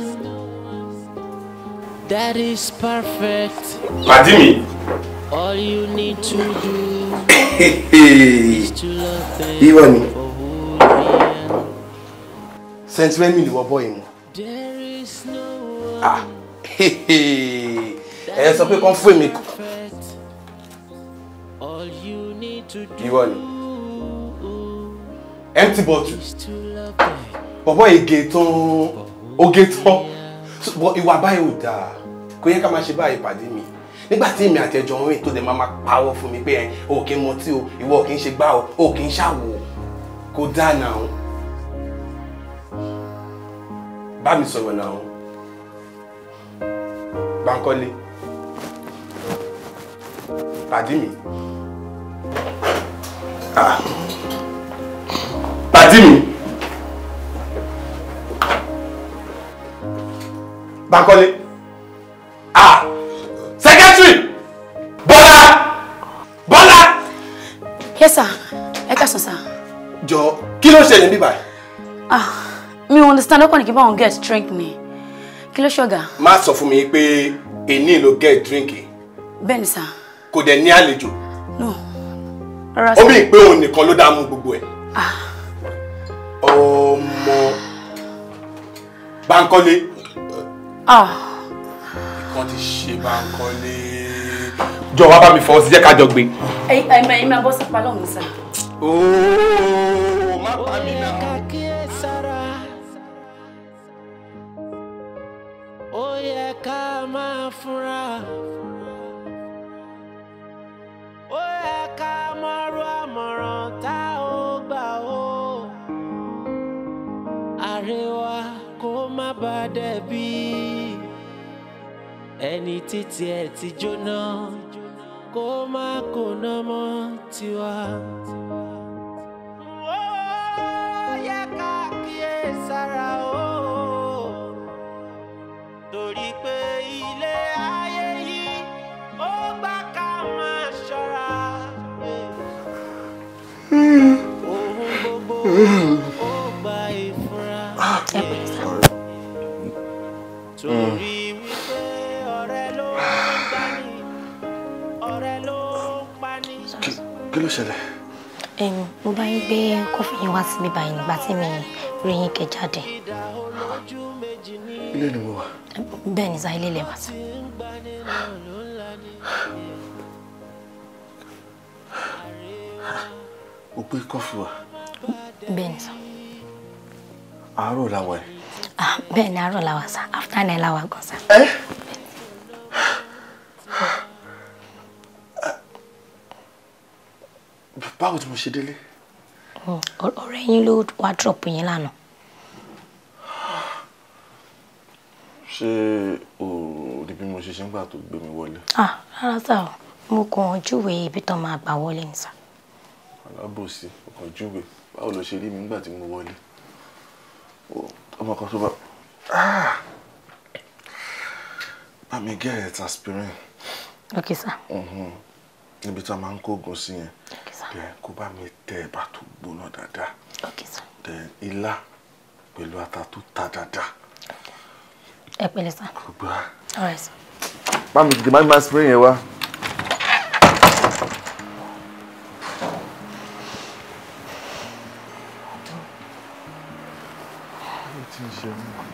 G: that is perfect. Pàdí mi. All you need to do
A: is to love them. Ìwọ ni. Sentiment mi ni wọ́n bọ́ yìí mu. Ah. Ẹ sọ pé kán fún èmi kan ìwọ ni empty bottle bọ̀bọ̀ ege tán oge tán ìwà báyìí ò dáa kò yẹ ká máa ṣe báyìí pàdé mi nígbà tí èmi àti ẹjọ rìn tó dẹ̀ máa pawọ́ fún mi pé ẹ o kì í mọtí o ìwọ ò kì í ṣe gbá o o kì í ṣàwò kò dáa náà bá mi sọ̀rọ̀ náà Bánkọ́lé pàdé mi. Ah. pàtí mi ah secretary Bola,
B: Bola. yes sir ẹ ká sọ sir.
A: jọ kilo ló ṣẹlẹ̀ níbí
B: ah me understand ọkàn ní kí n get drink me. Kilo sugar. ṣọ̀gà.
A: má sọ fún mi pé èyí ló get drink. Ben, sir. kò dẹ̀ ní àlejò. no ó bí pé òun nìkan ló dá mú gbogbo ẹ̀ ah. ọmọ Bánkọ́lé ah. nǹkan ti ṣe Bánkọ́lé jọ wá bá mi fọwọ́ sí jẹ́ ká jọ gbé.
B: ẹ̀yin ẹ̀yin máa bọ́ sípa lọ́hùn-ún sá. ooo má pa mí náà.
G: ó yẹ ẹni títí ẹ ti jóná kó má kóná mọ́ tiwa. tiwa.
A: ló ṣẹlẹ̀?
K: mo bá yín gbé kọfí yín wá sí mi báyìí nígbà tí mi rí yín kẹ jáde. ilé ni mo wà. bẹ́ẹ̀ ni sáà ilé ilẹ̀ wá sí.
A: o gbé kọfí wá. bẹ́ẹ̀ ni sọ. àárọ̀ la wà yìí.
K: bẹ́ẹ̀ ni àárọ̀ la wà sá after nine la wà
A: gan sá. ẹ. báwo tí mo ṣe délé.
K: ọ̀rẹ́ yín ló wá drop yín lánàá.
A: ṣé o rí bí mo ṣe ṣe ń gbà tó gbé mi wọlé.
K: ah rárá sá o mo kàn án júwe ibi tán máa gbà wọlé ni sá.
A: alábòsí ọkàn júwe báwo ló ṣe rí mi nígbà tí mo wọlé ọmọ kan tó bá ah! bá get aspirin. ok sá. Mm-hmm níbi tí a máa ń kógun sí yẹn then kó bá mi tẹ ẹ̀bà tó gbóná dáadáa then ilá pẹ̀lú ata tó ta dáadáa. ẹ pẹ̀lẹ́ sá. gbogbo
H: a.
A: bá mi dìgbà máa spray yẹn wá.
H: ti ń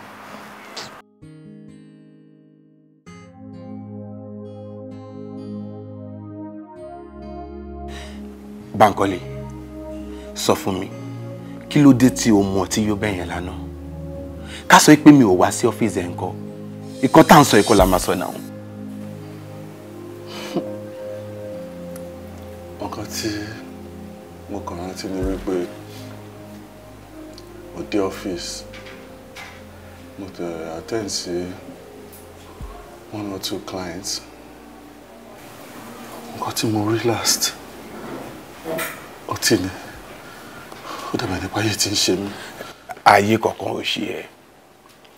A: Bankole sọ fún mi kí ló dé tí o mu ọtí yó bẹ́yẹn lánàá ká sọ pé mi ò wá sí ọ́fíìsì ẹ̀ ńkọ́ ikọ́ tá à ń sọ ikọ́ la máa sọ náà. nǹkan tí mo kàn rántí ni wípé mo dé ọ́fíìsì mo tẹ̀ attend sí one or two clients nǹkan tí mo rí last ọtí ni ó dàbẹ̀ nípa ayé tí ń ṣe mí. ayé kankan ò ṣe ẹ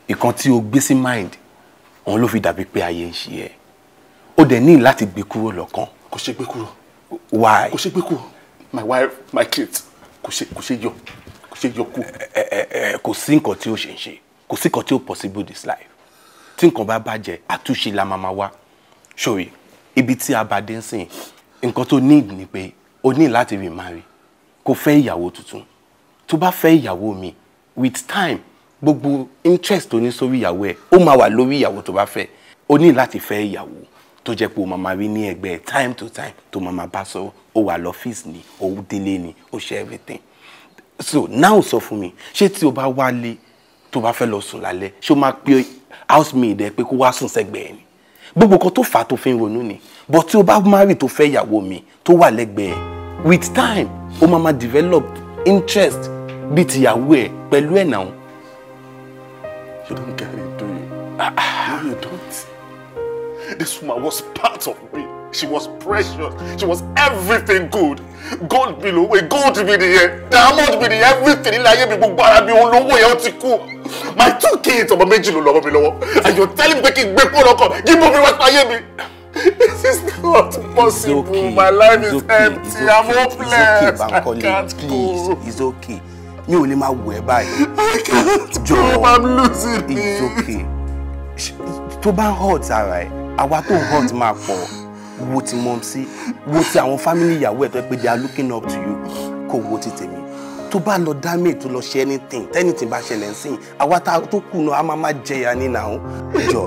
A: ìkan tí o gbé sí mind òun ló fi dàbí pé ayé ń ṣe ẹ ó dẹ̀ ní láti gbé kúrò lọ́kàn. kò ṣe gbé kúrò. why. kò ṣe gbé kúrò my wife my kids kò ṣe kò ṣe yọ kò ṣe yọ kú. ẹ ẹ kò sí nǹkan tí ó ṣe ń ṣe kò sí nǹkan tí ó possible this life tí nǹkan bá bàjẹ́ àtúnṣe la máa ma wá ṣòye ibi tí a bá dé ń sìn nǹkan tó need ni pé o ní láti remarry kó fẹ́ ìyàwó tuntun tó bá fẹ́ ìyàwó mi with time gbogbo interest tó ní sórí ìyàwó ẹ ó máa wà lórí ìyàwó tó bá fẹ́ o ní láti fẹ́ ìyàwó tó jẹ́ pé o máa máa rí ní ẹgbẹ́ time to time tó máa máa bá sọ o wà lọ́fíìsì ni o délé ni o ṣe everything so now sọ fún mi ṣé tí o bá wálé tó bá fẹ́ lọ sùn lálẹ́ ṣé o máa pe housemaid ẹ pé kó wá sùn sẹ́gbẹ̀ẹ́ ni gbogbo kan tó fà á tó fi ń ronú ni but tí o bá marry tó fẹ́ ìyàwó mi tó wà lẹ́gbẹ̀ẹ́ with time o máa ma develop interest bíi tìyàwó ẹ̀ pẹ̀lú ẹ̀ náà. you don't get it do you? no you don't. this woman was part of me. She was precious. She was everything good. Gold below, eh, gold be the air. Eh, diamond be the everything. Ilé ayé mi gbogbo ara mi olówó yẹn ó ti kú. My two kids ọmọ méjì ló lọ́wọ́ mi lọ́wọ́. And you're telling me pé kí n gbé kó lọ́kọ̀ kí mo fi wá sáyé mi. This is not possible. Okay. My life is okay. empty. okay. I'm hopeless. okay, I can't Please, go. it's okay. Mi ò lè máa wù ẹ́ báyìí. I can't go. I'm losing it. It's okay. Tó bá hurt ara ẹ̀, àwa tó hurt máa pọ̀ wo ti mọ̀ sí wo ti àwọn family ìyàwó ẹ̀ tó pé they are looking up to you kò wo ti tèmi tó bá lọ dámé tó lọ ṣe anything tẹ́nìtìn bá ṣẹlẹ̀ ń sìn àwa tó kù náà a máa máa jẹyà ní nàá jọ jọ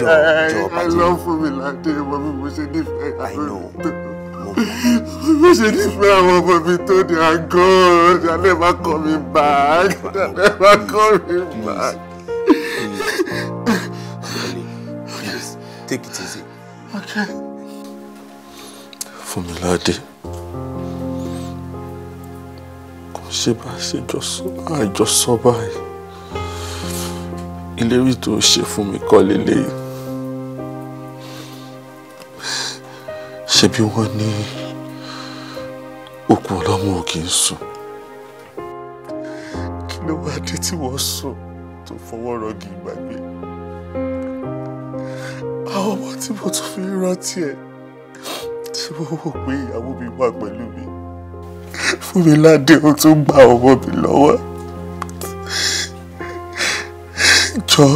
H: jọ bàjẹ́. lọ
G: fún mi ládé ọmọ mi mo ṣe nífẹ̀ẹ́ àwọn mo ṣe nífẹ̀ẹ́ àwọn ọmọ mi tó ní àgọ́ ìdálẹ́ má kọ́ mi back ìdálẹ́ má kọ́ mi back.
A: Take it easy. Okay. Fúnmiládé kò ṣe bá ṣe àjọsọ báyìí ìlérí tó ṣe fún mi kọ́ lélẹ́yìí ṣebí wọ́n ní òkú ọlọ́mọ ò kì í sùn kí ló wá dé tí wọ́n sùn tó fọwọ́ rọgì ìgbàgbé àwọn ọmọ tí mo tún fi rántí ẹ̀ tí ó wò pé ìyàwó mi wà pẹ̀lú mi Fúnmiládé ó tún gba ọmọ mi lọ́wọ́ jọ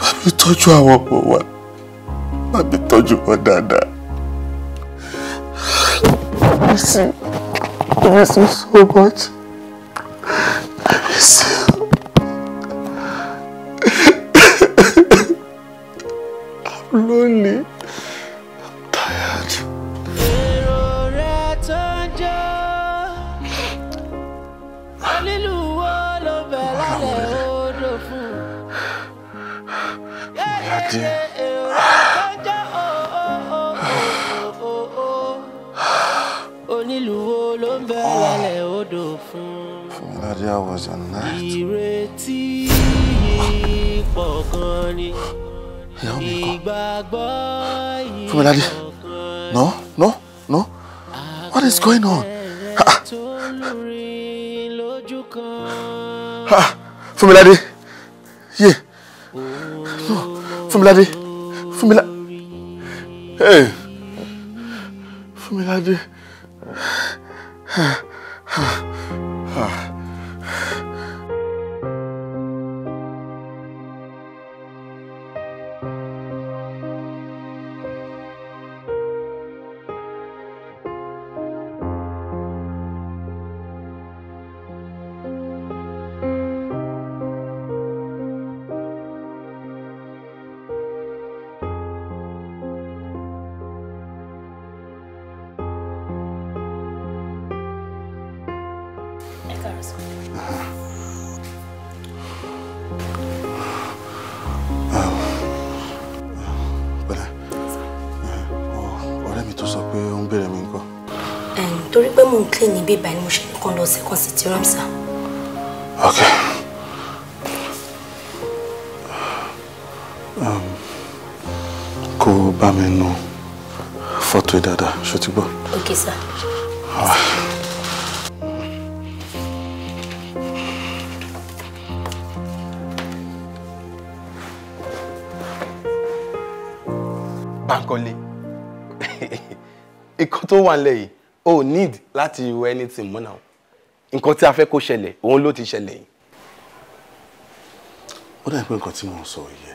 A: bá mi tọ́jú àwọn ọmọ wa bá mi tọ́jú wọn dáadáa
F: I miss you I miss you so much I lonely.
G: Daddy. Ah. Fúnmiladé,
A: I was a knight.
G: Ìrètí yìí pọ̀ gan ni.
A: Ìyàwó mi kọ́. Ìgbàgbọ́ yìí pọ̀ gan ni. Fúnmiladé, no, no, no. What is going on? Ah, Fúnmiladé. Fúnmiládé Fúnmilá hey
F: Fúnmiládé. Ah.
A: will
K: second sit your room, sir.
A: Okay. Um, kó o bá mi Dada, fọ́tò dáadáa, ṣó ti gbọ́? Okay, sir. All right. Bankole ikọ́ tó wà need lati you anything mọ́ náà nǹkan tí a fẹ́ kó ṣẹlẹ̀ òun ló ti ṣẹlẹ̀ yìí. ó dàbí pé nǹkan tí mò ń sọ yìí yẹ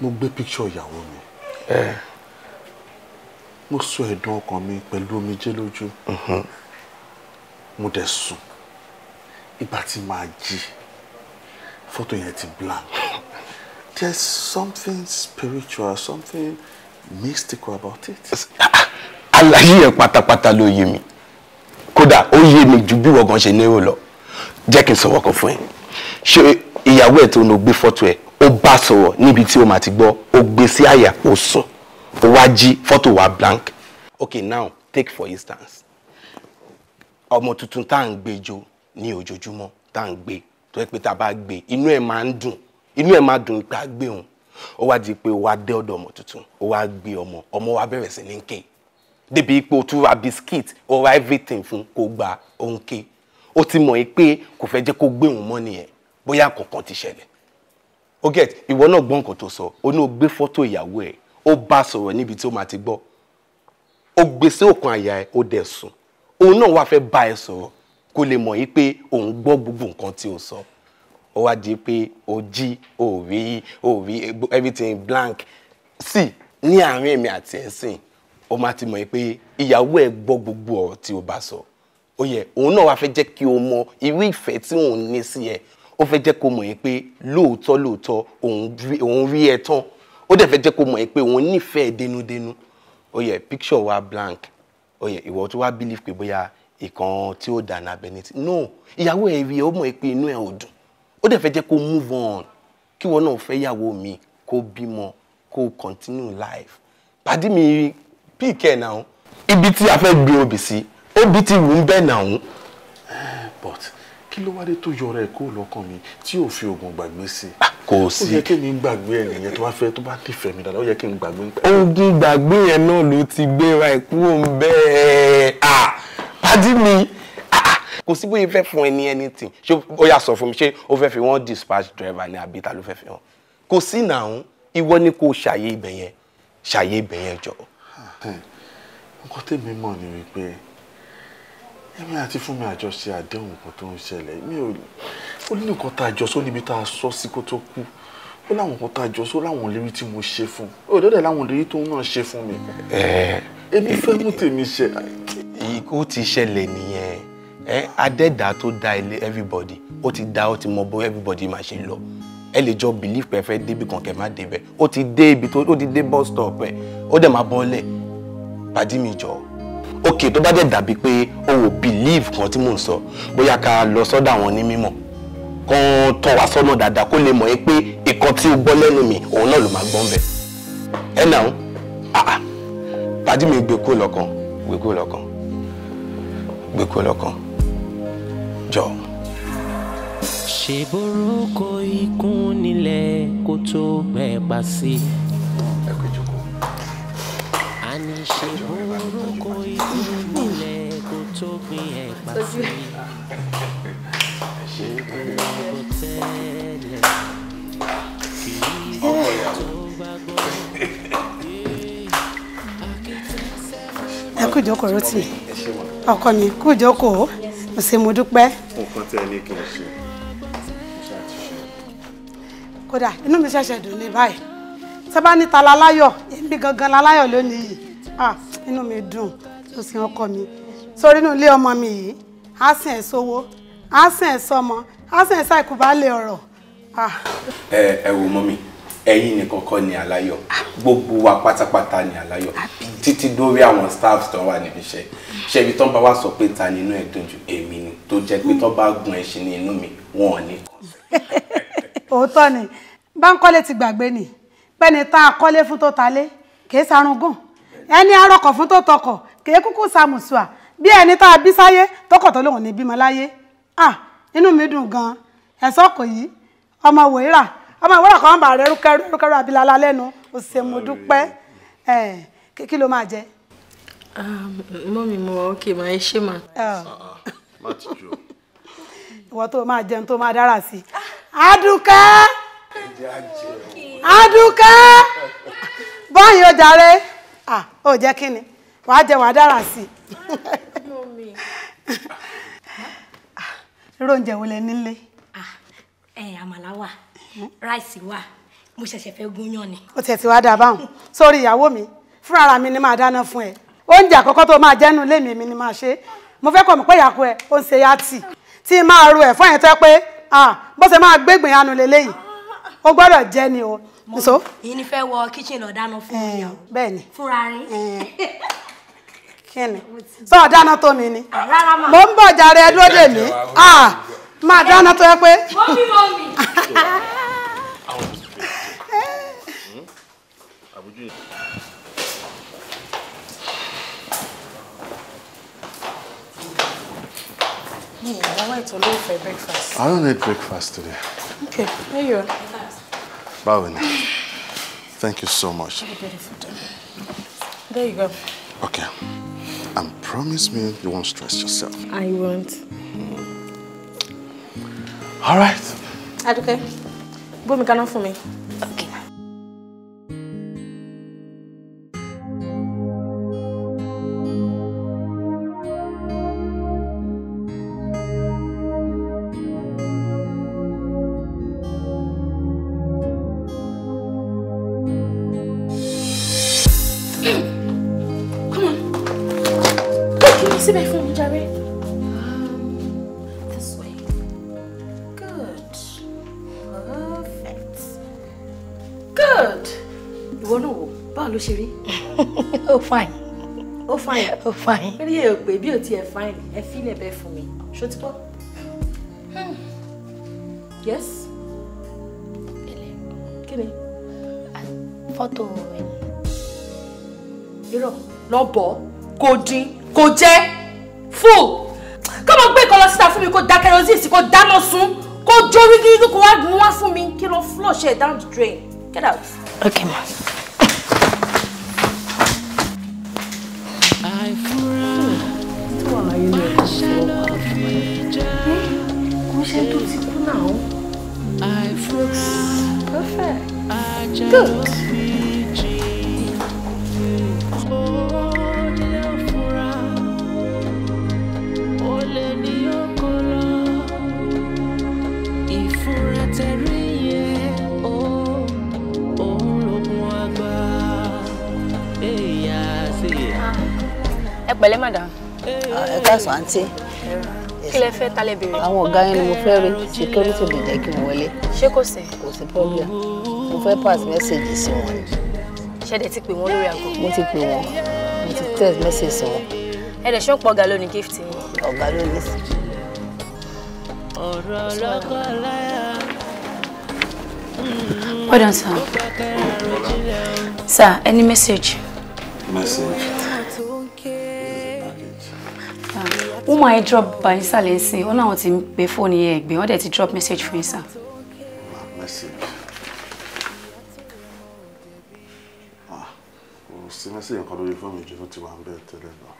A: mo gbé píkṣọ ìyàwó mi mo sọ ẹ̀dùn ọkàn mi pẹ̀lú omijé lójú mo dẹ̀ sùn ìgbà tí màá jí fọ́tò yẹn ti blank there's something spiritual something mystical about it. àlàyé yẹn pátápátá ló yé mi kódà ó yé mi ju bí wọ́n gan ṣe lérò lọ jẹ́ kí n sọ̀rọ̀ kan fún ẹ ṣé ìyàwó ẹ̀ tó ń lo gbé fọ́tò ẹ̀ ó bá sọ̀rọ̀ níbi tí ó máa ti gbọ́ ó gbé sí àyà ó sùn ó wá jí fọ́tò wa blank okay now take for instance ọmọ tuntun tá à ń gbé jo ní ojoojúmọ́ tá à ń gbé tó yẹ pé tá a bá gbé inú ẹ̀ máa ń dùn inú ẹ̀ máa dùn pé gbé òun ó wá di pé ó wá dé ọ̀dọ̀ ọmọ tuntun ó wá gbé ọmọ ọmọ wa bẹ̀rẹ̀ sí ní kéè débi pé o tún ra biscuit o everything fún kó gba òǹkè ó ti mọ̀ pé kò fẹ́ jẹ́ kó gbé òun mọ́ nìyẹn bóyá kankan ti ṣẹlẹ̀ ó get ìwọ náà gbọ́ nǹkan tó sọ ó ní o gbé fọ́tò ìyàwó ẹ̀ ó bá sọ̀rọ̀ níbi tí ó máa ti gbọ́ ó gbé sí òkun àyà ẹ̀ ó dẹ̀ sùn òun náà wá fẹ́ bá ẹ sọ̀rọ̀ kó lè mọ̀ pé òun gbọ́ gbogbo nǹkan tí o sọ ó wá di pé o jí o rí o rí everything blank sí ní àárín èmi àti ẹ̀sìn o máa ti mọ̀ pé ìyàwó ẹ̀ gbọ́ gbogbo ọ̀rọ̀ tí o bá sọ ó yẹ òun náà wá fẹ́ jẹ́ kí o mọ irú ìfẹ́ tí òun ní sí ẹ ó fẹ́ jẹ́ kó mọ̀ pé lóòótọ́ lóòótọ́ òun rí ẹ tán ó dẹ̀ fẹ́ jẹ́ kó mọ̀ pé òun nífẹ̀ẹ́ dénúdénú ó yẹ picture wa blank ó yẹ ìwọ tó wá believe pé bóyá ìkan tí ó dà nàbẹ ní ti no ìyàwó ẹ rí ọ mọ̀ pé inú ẹ ò dùn ó dẹ̀ fẹ́ jẹ́ kó move on kí wọn náà fẹ́ yàwó mi kó bímọ kó continue life pàdé mi pick ẹ̀ náà ibi tí a fẹ́ gbé obì sí obì ti wù ú bẹ́ẹ̀ náà. but kí ló wá dé tó yọra ẹ̀ kó lọ́kàn mi tí ò fi oògùn gbàgbé sí. Ah, kò sí ó yẹ kí mi gbàgbé ẹ nìyẹn tó bá fẹ́ tó bá nífẹ̀ẹ́ mi dáadáa ó yẹ kí n gbàgbé. oògùn gbàgbé yẹn náà ló ti gbéra ẹ̀ kúrò ń bẹ́ẹ̀ ah, pàdí mi ah, kò sí bóyá fẹ́ fún ẹ ní anything ṣé ó yà sọ fún mi ṣé ó fẹ́ fi wọ́n dispatch driver ní àbí ta ló fẹ́ fi hàn kò sí náà ìwọ ni kò ṣàyè ibẹ̀ yẹn ṣàyè ibẹ̀ yẹn jọ̀ọ́. Eh, nǹkan tèmi mọ̀ ni wípé èmi àti fún mi àjọṣe àdéhùn nǹkan tó ń ṣẹlẹ̀ mi ò ó ní nǹkan tá a jọ sọ níbi tá a sọ sí kó tó kú ó láwọn nǹkan tá a jọ sọ láwọn ìlérí tí mo ṣe fún un ó dọ́dẹ̀ láwọn ìlérí tó náà ṣe fún mi eh, èmi fẹ́ mú tèmi ṣe. ó ti ṣẹlẹ̀ nìyẹn ẹ eh, adẹ́dàá tó dá ilé everybody ó ti dá ó ti mọ bó everybody máa ṣe lọ ẹ lè jọ believe pé ẹ fẹ́ débi kan kẹ́ má débẹ̀ ó ti dé ibi tó ó ti dé bus stop ẹ ó dẹ̀ máa bọ́lẹ̀ pàdí mi jọ ok tó bá dẹ̀ dàbí pé o ò believe kan tí mò ń sọ bóyá ká lọ sọ́dọ̀ àwọn ní mímọ̀ kan tọ́ wa sọ́nà dáadáa kó lè mọ̀ pé ìkan tí o gbọ́ lẹ́nu mi òun náà ló máa gbọ́n bẹ̀ ẹ nà ń àà ah, ah. pàdí mi gbé kó lọ́kàn gbé kó lọ́kàn gbé kó lọ́kàn
G: jọ. ṣe borúkọ ikú nílẹ̀ kó tó gbẹ̀ pa sí i. ilẹ̀ kò tó gbin ẹ̀pà sí
C: ọkọ mi kú mo ṣe mo dúpẹ́.
F: nǹkan tẹ ẹ ní kí n ṣe
C: kódà inú mi ṣẹ̀ṣẹ̀ dùn ní báyìí sábà níta láláyọ̀ gangan láláyọ̀ lónìí yìí ah, inú mi dùn tó sin ọkọ mi sórí inú ilé ọmọ mi yìí á sìn ẹ̀ sówó á sìn ẹ̀ sọmọ á sìn ẹ̀ sáìkú bá lè ọ̀rọ̀. Ah.
A: ẹ ẹ wo mọ́mí ẹ̀yin nìkan kọ́ ni aláyọ̀ gbogbo wa pátápátá ni aláyọ̀ títí dórí àwọn staffs tó wà níbi iṣẹ́ ṣebí tán bá wá sọ pé ta ni inú ẹ̀ dùn jù èmi ni tó jẹ́ pé tán bá gun ẹṣin ní inú mi wọn ní.
C: òótọ́ ni báńkọ́lé ti gbàgbé ni bẹ́ni tá a kọ́lé fún tó talé kì í sarungún ẹni arọkọ̀ fún tó tọkọ̀ kekuku samusua bi eni ta bi saye toko to lohun ni bi malaye ah inu mi dun gan an so ko yi omo wera omo wera ko ba re abilala lenu o se mo dupe eh ki lo ma je ah mo mi mo okay ma e se ma ah ma ti jo iwo to ma je to ma dara si Aduka! aduke bon yo o je kini wàá jẹ wàá dára sí i. irú oúnjẹ wo lẹ nílé.
K: Ah, àmàlà wà ráìsì wà mo ṣẹ̀ṣẹ̀ fẹ́ gúnyán ni.
C: ó tẹ̀ tí wàá dà sórí ìyàwó mi fúnra ara mi ni máa dáná fún ẹ oúnjẹ àkọ́kọ́ tó máa jẹ́nu lémi mi ni máa ṣe mo fẹ́ kọ̀ mí pé ìyàkó ẹ ó ń ṣe yá tì tí máa ro ẹ̀ fún ẹ̀yìn tó pé bó ṣe máa gbégbìn anu lélẹ́yìí ó gbọ́dọ̀ jẹ́ ni o. mo yìí ni fẹ́ wọ kíchìn lọ dáná fún ìyàwó bẹ́ẹ̀ ni fúnra rí. kíni sọ dáná to mi ni
K: ah, mò ń bọ̀ jàre ẹ dúró dè mí
C: ah, máa dáná
I: Me, I to look for breakfast.
A: I don't need breakfast today.
I: Okay, here you are.
A: Bawin, thank you so much.
B: There you go. Okay.
A: And promise me you won't
G: stress yourself. I won't. Mm. All right.
B: Aduke, Bomi, can for me? Okay.
H: Sorry. Um, this way. Good. Perfect. Good. You náà wò, báwo ló Oh fine. Oh fine. Oh fine. Rí you pé bí o fine, ẹ fi ilẹ̀ bẹ́ẹ̀ fún mi. Ṣó ti bọ́? Hmm. Yes. Kí ni? Fọ́tò mi.
B: Irọ́ lọ coding, kò fool kọ́ mọ gbé ìkọlọ síta fún mi kó da kerosene sí kó dáná sun kó jó rígírígí kó wá mú wá fún mi kí lọ flush ẹ̀ down the drain get out. okay ma.
H: Hmm?
G: perfect good. pẹ̀lẹ́ madam. Ah, ẹ
B: káàsán àǹtí. kí lẹ fẹ́ talẹ̀ béèrè. àwọn ọ̀gá yẹn ni mo fẹ́ rí security lè jẹ́ kí n wọlé.
K: ṣé kò sẹ́.
H: kò sí problem mo fẹ́ pass message sí wọn.
K: ṣẹ́dẹ̀ ti pè wọ́n lórí aago.
H: mo ti pè wọ́n mo ti text message sí wọn.
K: ẹ dẹ̀ ṣọ́pọ̀ ọ̀gá lónìí gift yín.
H: ọ̀gá
I: lónìí.
K: ọ̀rọ̀ lọ́kọ̀ láyà.
B: Pardon, sir. Sir, any message? Message? wọ́n máa drop bá yín sàlẹ̀ sí ọ́n láwọn ti pe fóònù yẹn ẹ̀gbẹ́ wọ́n dẹ̀ ti drop message fún ah,
A: Message. Ah, kò sí mẹ́sẹ̀gì kan lórí fóònù ìjọba ti wà ń bẹ̀ tẹ́lẹ̀ náà.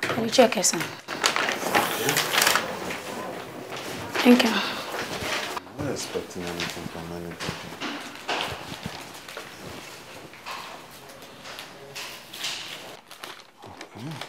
H: Can you
I: check it, Thank
F: you. I'm
H: not expecting anything from anybody.
D: Okay.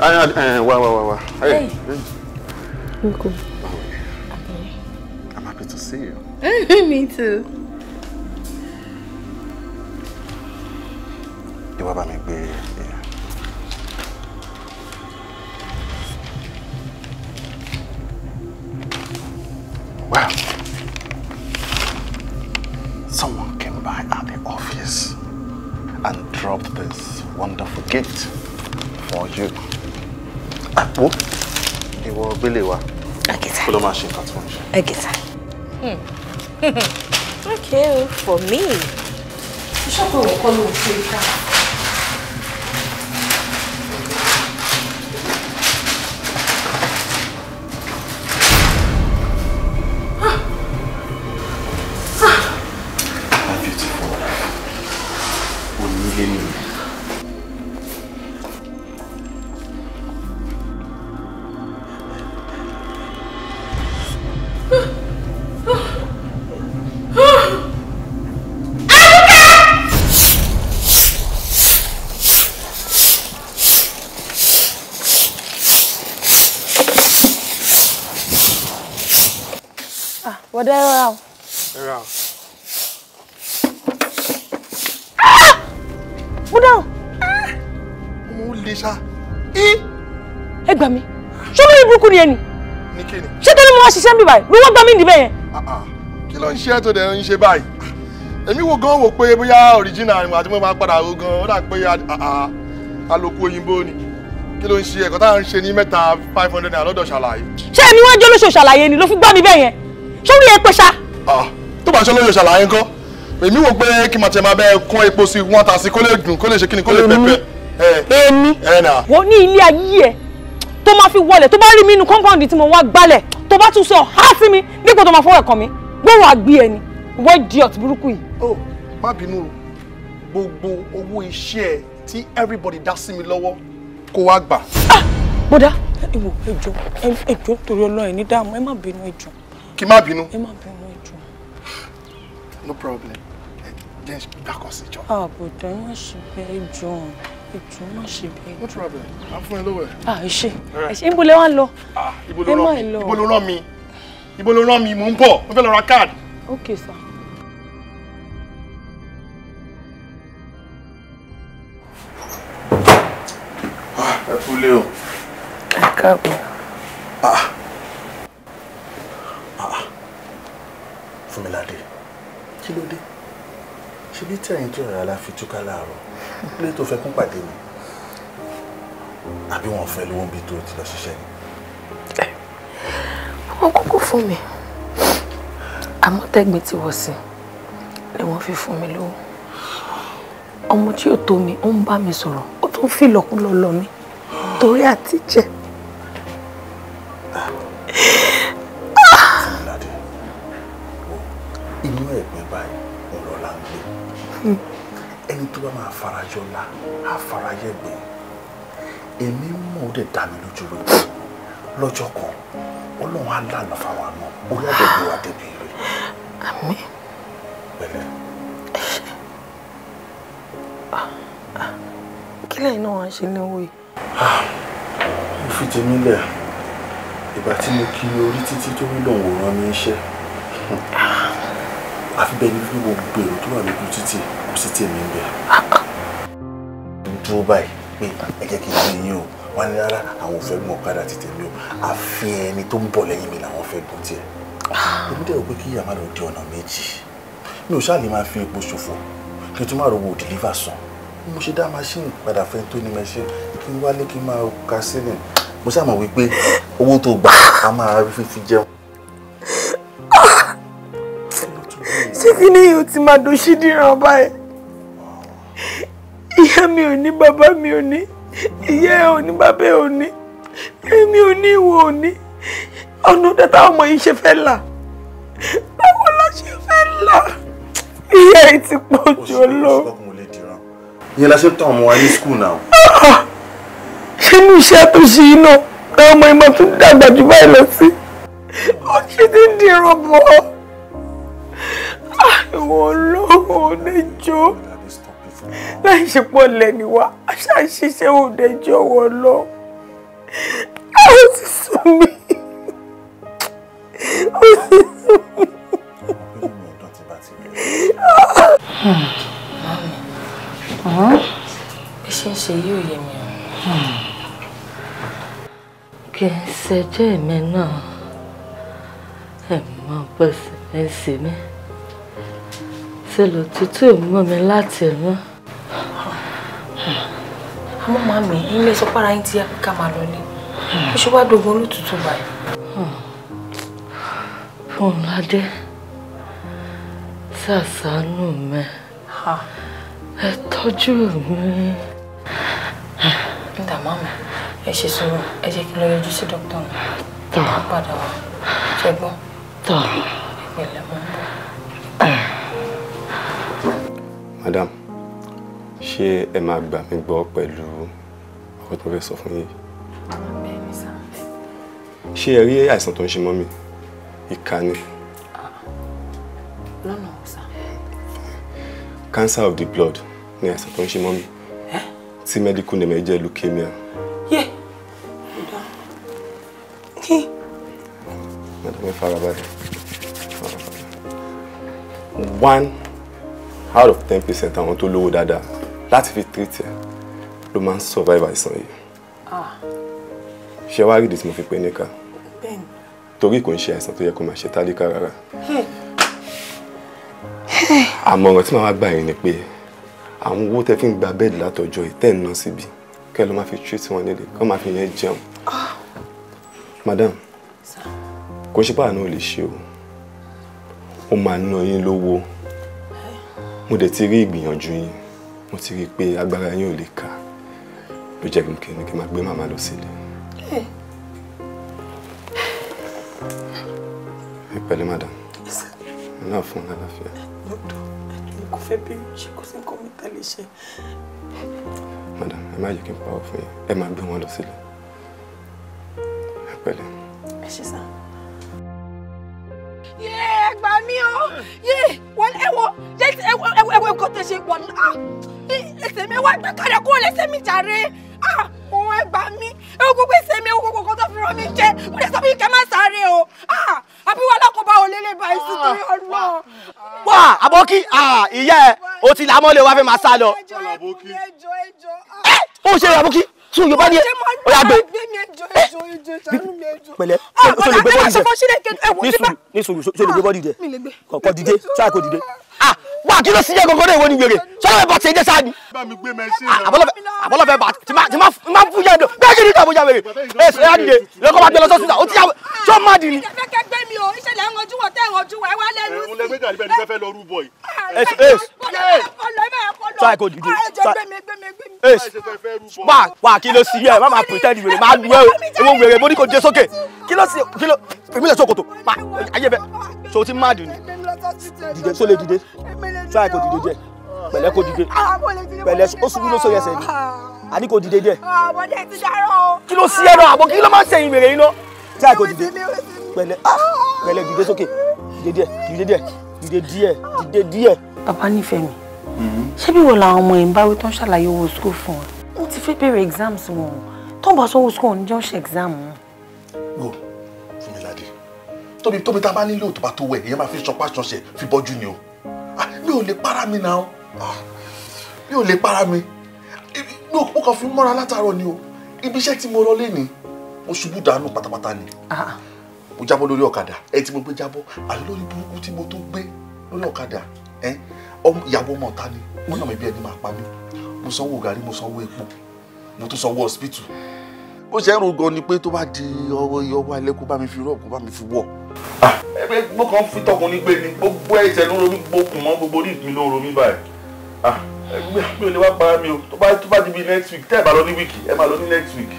A: Ah, ah, eh, wá wá wá wá. Hey. Uncle. Hey. I'm happy to see
H: you. Me too.
K: for me.
B: Ṣọ́pọ̀ òun kọ́ ló báyìí ló
A: wọ́n gbọ́ mí níbẹ̀ yẹn. Ah, ah. kí ló ń ṣe ẹ́ tó dẹ̀ ń ṣe báyìí èmi wo gan wò pé bóyá original ìwà tí mo máa padà wo gan ó dà pé àlòkù ah, òyìnbó ni kí ló ń ṣe ẹ̀kọ́ táwọn ń ṣe ní mẹ́ta five hundred naira lọ́dọ̀ ṣàlàyé.
B: ṣé ẹni wọ́n jẹ́ olóṣò ṣàlàyé ni ló fi gbọ́ mi bẹ́ẹ̀
F: yẹn
A: ṣé orí epo ṣá. tó bá ṣe olóṣò ṣàlàyé ńkọ́ èmi wò pé kí màtí ẹ máa bẹ́ẹ̀ kún epo sí wọn ta sí kó lè dùn kó lè ṣe kí ni kó lè pẹ́pẹ́. èmi wo ní ilé
B: ayé ẹ tó máa fi wọlé tó bá rí mi inú kọ́ńpọ́ǹdì tí mo wá gbálẹ̀ tó bá tún sọ há sí mi
A: dípò tó máa fọwọ́ ẹ̀kọ́ mi gbòòrò àgbé ẹni ìwọ idiot burúkú yìí. ó má bínú o gbogbo owó iṣẹ́ tí everybody dá sí mi lọ́wọ́ kó wá gbà. Ah!
B: bọ́dà ìwò ẹjọ́ ẹjọ́ torí ọlọ́run ní dààmú ẹ má bínú ẹjọ́.
A: kí má bínú. ẹ má bínú ẹjọ́. no problem jẹ́ gbàkọ́sí jọ.
B: àbùdá ah, ẹ má ṣe bẹ́ẹ̀ jọ ìtún má ṣe bẹ́ẹ̀. no problem à ń fún ẹ lówó ẹ. ah ṣe ṣe ibo lẹ wá lọ. ah ibo ló rán mi ibo ló rán mi ibo ló
A: rán mi mò ń bọ̀ mo fẹ́ lọ ra káàdì. ok sir. Ah, ẹ kúlé o.
F: ẹ káàbọ̀. ah ah,
A: ah. Fúnmiladé kí ló dé ṣe bí tẹ̀yìn tó rà la fi túká láàárọ̀ ilé tó fẹ́ kún pàdé mi àbí wọn fẹ́ lówó bí tó ti lọ ṣiṣẹ́ ni.
B: wọ́n kúkú fún mi àmọ́ tẹ́gbìn ti wọ̀ sí ni wọ́n fi fún mi lówó ọmọ tí yóò tó mi ó ń bá mi sọ̀rọ̀ ó tún fi lọ́kùnlọ́ lọ mi torí àtijẹ́.
A: dẹ̀ dá mi lójú lójú lọ́jọ́ kan ọlọ́run á lànà fáwọn náà orí
F: àdẹ̀gbẹ̀ wa débi rẹ̀.
A: àmín. pẹ̀lẹ́.
B: kí lẹ́yìn náà wá ṣe léwu yìí. Ah,
A: mo fi tèmi lẹ̀ ìgbà tí mo kiri orí títí tó ń lòun ràn mí iṣẹ́ àfi bẹ́ẹ̀ ni gbogbo gbèrò tó wà lójú títì kò sí tèmi ń bẹ̀. Ah, ah. dúró báyìí pé ẹ jẹ́ kí n gbé yín o wọ́n ní rárá àwọn ò fẹ́ gun ti tèmi o àfi ẹni tó ń bọ̀ lẹ́yìn mi làwọn fẹ́ gun tiẹ̀ èmi dẹ̀ rò pé kí àmàlà òde ọ̀nà méjì mi ò ṣáà lè máa fi epo ṣòfò kí n tún máa rówó deliver san mo ṣe dá machine padà fẹ́ tó ní machine kí n wálé kí n máa ka sílẹ̀ mo ṣáà mọ̀ wípé owó tó gbà á máa rí fífi jẹun. ṣé kí ni yóò ti máa dòṣídìí ràn báyìí ìyá mi ò ní bàbá mi ò ní ìyá ẹ ò ní bàbá ẹ ò ní èmi ò ní ìwọ ò ní ọ̀nà dẹ́ta ọmọ yìí ṣe fẹ́ là
G: báwo la ṣe fẹ́ là ìyá ẹ ti pọ̀ jù ọ lọ.
A: ìyẹn la ṣe tán ọmọ wa ní skul náà.
G: Ah, ṣé ní
A: iṣẹ́ tó ṣe iná àwọn ọmọ ìmọ̀ tún dàgbà jù báyìí lọ sí
G: ó ṣe ti dìrọ̀ bọ̀ ọ́ àwọn olóhùn ò ní jó
B: láì ṣe pọ̀ lẹ́ni wá aṣá ṣiṣẹ́ òde jọ̀wọ́ lọ
F: ó sì sùn mí ó sì sùn mí.
H: Mami, bí ṣe ń ṣe yí òye mi o. Kì í ṣẹjọ́ èmi náà, ẹ̀ mọ bó ṣe ń ṣe mí. Ṣé lòtútù mú mi láti rán?
B: àmọ́ màmí ilé sọ pára yín ti yá pé ká máa lọlé ó ṣe wá dogun olótùtù báyìí.
H: fúnládé ṣàṣánú mi ẹ tọ́jú mi. níta màmí
B: ẹ ṣe sọ̀rọ̀ ẹ jẹ́ kí n lọ yọjú sí dókítà mi kí n padà wá ṣẹ́gbọ́n
F: ìpínlẹ̀ mọ́ ń bọ̀.
D: madam ṣé ẹ máa gbà mí gbọ́ pẹ̀lú ọkọ tó fẹ́ sọ fún yín. ṣé ẹ rí àìsàn tó ń ṣe mọ́ mi ìkà ah, ni. cancer of the blood ni àìsàn tó ń ṣe mọ́ mi tí medical name ẹ jẹ́ leukemia.
B: yé
C: ọ̀dà kí.
D: madam ẹ farabalẹ̀ one out of ten percent àwọn tó lówó dáadáa láti fi treat ẹ ló máa ń survive àìsàn yìí ah. ṣé wàá rí ìdí tí mo fi pé níkà torí kò ń ṣe àìsàn tó yẹ kó máa ṣe tálíkà rárá hmm. àmọ̀ràn tí màá gbà yín ni pé àwọn owó tẹ́ fi ń gba bẹ́ẹ̀dì látọjọ́ ìtẹ́ ń ná síbi kẹ́ ló máa fi treat wọn nílé kọ́ máa fi yẹn jẹun ah. madam kò ṣe báà náà lè ṣe o ó máa ná yín lówó eh. mo dẹ̀ ti rí ìgbìyànjú yín mo ti rí i pé agbára yín ò lè kà ló jẹ́ kí n kí n máa gbé màmá lọ sílé. Eh. ẹ pẹ̀lú madam náà fún àlàáfíà. lọ́dọ̀
B: ẹ̀dùn kò fẹ́ bí ṣe kò sí
C: nǹkan mi tẹ́lẹ̀ ṣe.
D: madam ẹ má yẹ kí n pa ọ fún yín ẹ máa gbé wọn lọ sílé
C: ẹ pẹ̀lú. ẹ ṣe sáà
B: ẹ gbà mí o yé wọn ẹ wọ ẹ wọ ẹkọ tẹ ṣe wọn ah, ẹsẹ̀ mi wá gbé kalẹ̀ kúrò lẹ́sẹ̀ mi jàre a ah, òun ẹ gbà gbogbo ẹsẹ̀ mi owó kòkó tó fi rán mi jẹ wọn lè sọ fún mi kẹ́ má sáré o ah, àbí wọn alákòóbá ò lélẹ̀ báyìí sí torí ọlọ.
F: wà á abọ́kí
E: ìyá ẹ o ti làmọ́lé wa fẹ́ máa sá lọ. ẹjọ ẹjọ ẹjọ. ó ṣe tí Yorùbá ní ó yà gbé.
B: pẹ̀lẹ́ sọlọ
E: gbé bọ́ọ̀lì dẹ ní sùúrù sọlọ ah, gbé bọ́ọ̀lì dẹ kọkọ dìde ṣáà kò dìde ah wà kí ló sì jẹ́ gọ́gọ́dọ̀ ìwọ ni wèrè sọ́dọ̀ bẹ́ẹ̀ bá ti jẹ́ sáà ni. Ah, àbọ̀lọ́fẹ́ bá ti máa fún yàrá bẹ́ẹ̀ kì í dìgbà bóyá wèrè ẹ ṣe á dìde lọ́kọ́ bá gbé lọ sọ́sùn náà ó ti yà tó má dì ní. ìjọba
B: fẹ́ gbé mi o ìṣẹ̀lẹ̀ ẹ̀rọ ojú wọ̀ tẹ́ ẹ̀rọ ojú wọ̀ ẹ wá lẹ́nu. ẹ̀rọ lẹ́gbẹ̀ẹ́ gàdí bẹ́ẹ̀ ni fẹ́ẹ́ lọ rúbọ yìí.
E: Ah, ẹ ẹ try kò dìde ah, ẹ wà wà kí ló sì yẹ má máa pretend wèrè má lu ẹ ewo wèrè mo ní kò dé sókè kí ló sì kí ló èmi lè sọ kòtò ayé bẹ so ti má dì ní
J: dìde tó lè dìde try kò dìde díẹ̀ pẹ̀lẹ́ kò dìde ah, pẹ̀lẹ́ ó ṣubú ló sọ yẹsẹ̀ ni ah.
E: àní kò dìde ah, díẹ̀.
J: àbọ̀dé ti dárò o.
H: kí ló sí ẹ̀rọ àbọ̀ kí ló máa ń sẹ̀yìn
E: wèrè yín lọ try kò dìde pẹ̀lẹ́ pẹ̀lẹ́ dìde sókè dìde díẹ̀ dìde díẹ̀ dìde díẹ̀ dìde díẹ̀. bàbá nífẹ̀ẹ́ mi mm-hmm.
B: ṣé bí wo làwọn ọmọ yìí ń báwí tó ń ṣàlàyé owó school fún ọ mo ti fẹ́ bẹ̀rẹ̀ exams wọn tó ń bá sọ owó school ò exam
A: wọn tóbi tóbi tá a bá nílé òtò bá tó wẹ̀ èèyàn máa fi sanpá sanṣẹ̀ fi bọ́jú ni o ah, mi ò lè para mi náà ah, mi ò lè para mi mo kàn fi mọ́ra látàárọ̀ ni o ibi iṣẹ́ tí mo lọ lé ni mo ṣubú dànù pátápátá ni ah, mo jábọ́ lórí ọ̀kadà ẹ tí mo gbé jábọ́ àti lórí burúkú tí mo tó gbé lórí ọ̀kadà ẹ ìyàwó ọmọ ọ̀tá ni wọ́n náà mi bí ẹni máa pa mí mo sanwó gàrí mo sanwó epo mo tún sanwó hospital bó ṣe ń ro gan ni pé tó bá di ọwọ́ ọwọ́ alẹ́ kó bá mi fi rọ́ọ̀kù bá mi fi wọ̀. Ah. ẹgbẹ́ mo kàn fi tọkùn ní pé ni gbogbo ẹ̀jẹ̀ ló ń romí gbókùn mọ́ gbogbo orí mi ló ń romí báyìí. Ah, ẹgbẹ́ mi ò lè wá para mi o tó bá di bí next week tẹ́ ẹ̀ bá lọ ní wíìkì ẹ máa lọ ní next week.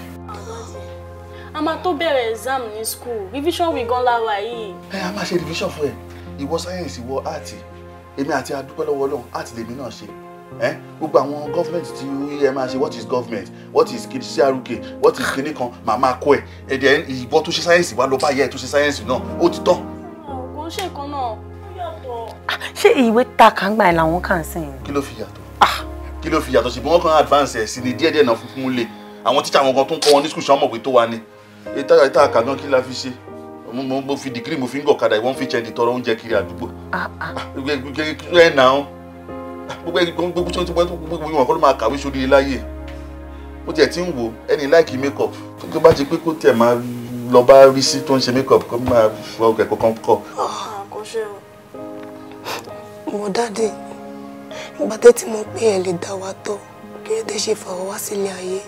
B: a máa tó bẹ̀rẹ̀ exam ní school revision week gan lára yìí.
A: ẹ a máa ṣe revision fún ẹ ìwọ sáyẹ̀nsì ìwọ áàtì èmi àti adúpẹ́ lọ́wọ́ ọlọ́run áàtì lèmi náà ṣe ẹ gbogbo àwọn government tí ẹ máa ṣe what is government what is crk what is kini kan màmá kọ ẹ ẹ dẹ ìbọ tó ṣe sáyẹnsì wà ló bá yẹ ẹ tó ṣe sáyẹnsì náà ó ti tán.
H: kò ń ṣe nǹkan náà
B: yàtọ̀. ṣé ìwé ta kàǹgbà ẹ̀ làwọn kà ń sìn.
A: kí ló fi yàtọ̀ kí ló fi yàtọ̀ ṣùgbọ́n wọn kàn advance ẹ̀ sí ni díẹ̀díẹ̀ náà fún lè àwọn tíṣà wọn kan tó ń kọ́ wọn ní skul ṣàwọn mọ̀ pé tó wa ni ìta ìta àkàgán kí la fi ṣe mo fi gbogbo ẹni gbogbo tí wọ́n gbogbo ìwọ̀n kọ́ ló máa kàwé sórí láyè ó tiẹ̀ ti ń wò ẹni láìkí makeup tó bá ti pé kó tiẹ̀ máa lọ bá rí sí tó ń ṣe makeup kó máa fọ ọkọ̀ ẹ̀kọ́ kan kọ̀.
I: Ah, kò ṣe o mo dáàdi ìgbà tẹ́ tí mo pé ẹ̀ lè dá wa tọ́ kí ẹ̀ tẹ́ ṣe fà wá sílé ayé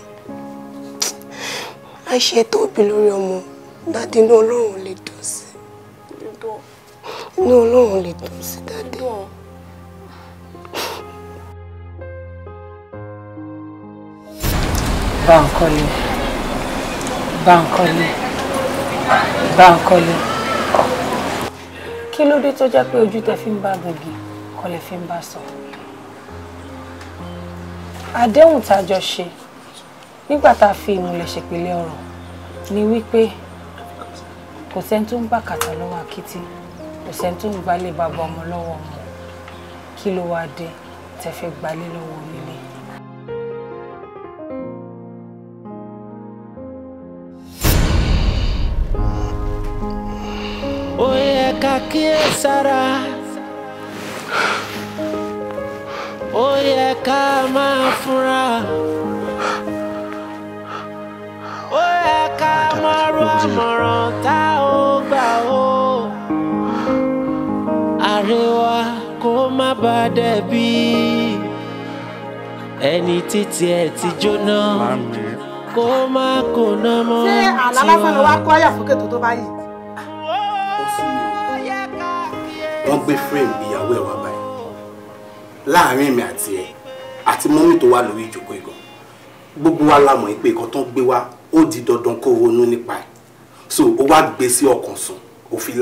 I: àṣẹ tó bí lórí ọmọ
J: dáàdi inú ọlọ́run
I: lè dùn sí inú ọlọ́run lè dùn sí dáàdi.
E: Bankole
C: Bankole Bankole
B: kí ló dé tó jẹ́ pé ojú tẹ fi ń bá gbòógì kọ́ lẹ fi ń bá sọ àdéhùn tá a jọ ṣe nígbà tá a fi ìmùlẹ̀ ṣèpìlẹ̀ ọ̀rọ̀ ni wípé kò sẹ́ni tó ń gbà kàtà lọ́wọ́ akitì kò sẹ́ni tó ń gbalé bàbá ọmọ lọ́wọ́ ọmọ kí ló wáá dé tẹ fẹ́ gbalé lọ́wọ́ onílé
G: kakí sára ó yẹ ká máa fúnra ó yẹ ká máa rú àmọ̀ràn tá ó gbà ó àríwá kó má ti jóná kó má kó
C: ná mọ́ tiwa. ṣé àlàlá fún mi wá kọ́ àyàfókè tó tó
A: wọ́n gbé frame ìyàwó ẹ̀ wá báyìí láàrin èmi àti ẹ̀ àti mọ́mí tó wà lórí ìjókòó ìgàn gbogbo wa la mọ̀ pé nǹkan tó ń gbé wa ó di dandan kó ronú nípa ẹ̀ so ó wá gbé sí ọkàn sùn ó fi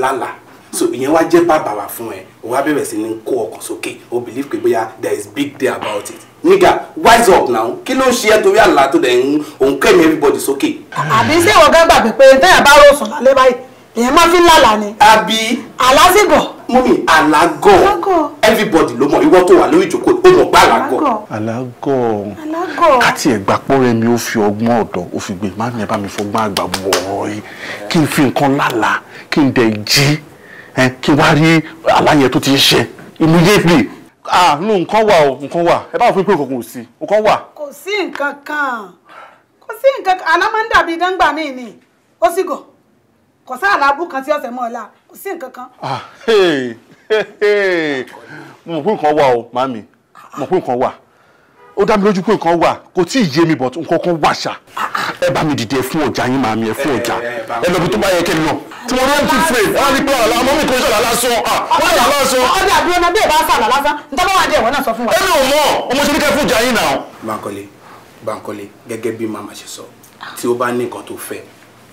A: so ìyẹn wá jẹ́ bàbà wà fún ẹ ó wá bẹ̀rẹ̀ sí ní kó ọkàn sókè ó believe pé bóyá there is big day about it nigga wise up now kí ló ń ṣe ẹ torí àlá tó dẹ̀ ń òun kẹ́mi everybody sókè. àbí ṣé ìwọ gán gbàgbé pé tẹ́yà bá rò sùn lálẹ́ báyìí ìyẹn máa fi ń lálàá ni. àbí. àlá sì bọ̀ mọ́mí alágọ̀ everybody ló mọ ìwọ tó wà lórí ìjókòó ó mọ̀ pé alágọ̀. alágọ̀ káti ẹ̀gbà pọ́rẹ́ mi ó fi ọgbọ́n ọ̀dọ̀ ó fi gbé má mi ẹ bá mi fọgbọ́n àgbà wọ̀ ọ́ yìí kí n fi nǹkan lálàá kí n dẹ̀ jí kí n wá rí aláyẹ tó ti ṣe immediately ah no nǹkan wà o nǹkan wà ẹ bá fún pé nǹkan sí nǹkan wà.
C: kò sí nǹkan kan kò sí nǹkan kan àná máa ń dàbí ni ó sì kò sáàlà abú kan tí ọ̀sẹ̀ mọ́ ọ̀la kò sí nǹkan kan.
A: Ah, mo mọ̀ pé nǹkan wà o màmí mo mọ̀ pé nǹkan wà ó dá mi lójú pé nǹkan wà kò tí ì yé mi but nǹkan kan wà ṣá ẹ bá mi dìde ẹ fún ọjà yín màmí ẹ fún ọjà ẹ lọ bí tó bá yẹ kẹ́ lọ tí mo rántí fèrè wọn á rí pé àlá mọ́mí kan
F: ṣàlá lásán ah, wọn ṣàlá lásán. ọjà àbí ọ̀nà bí ẹ bá ṣàlá
C: lásán níta bá wà dé ẹ̀wọ̀n náà sọ fún wa. ẹ lọ mọ
A: ọmọ ṣe ní kẹ́ fún ọjà yín náà. Bankole Bankole gẹ́gẹ́ bí màmá ṣe sọ tí ó bá ní nǹkan tó fẹ́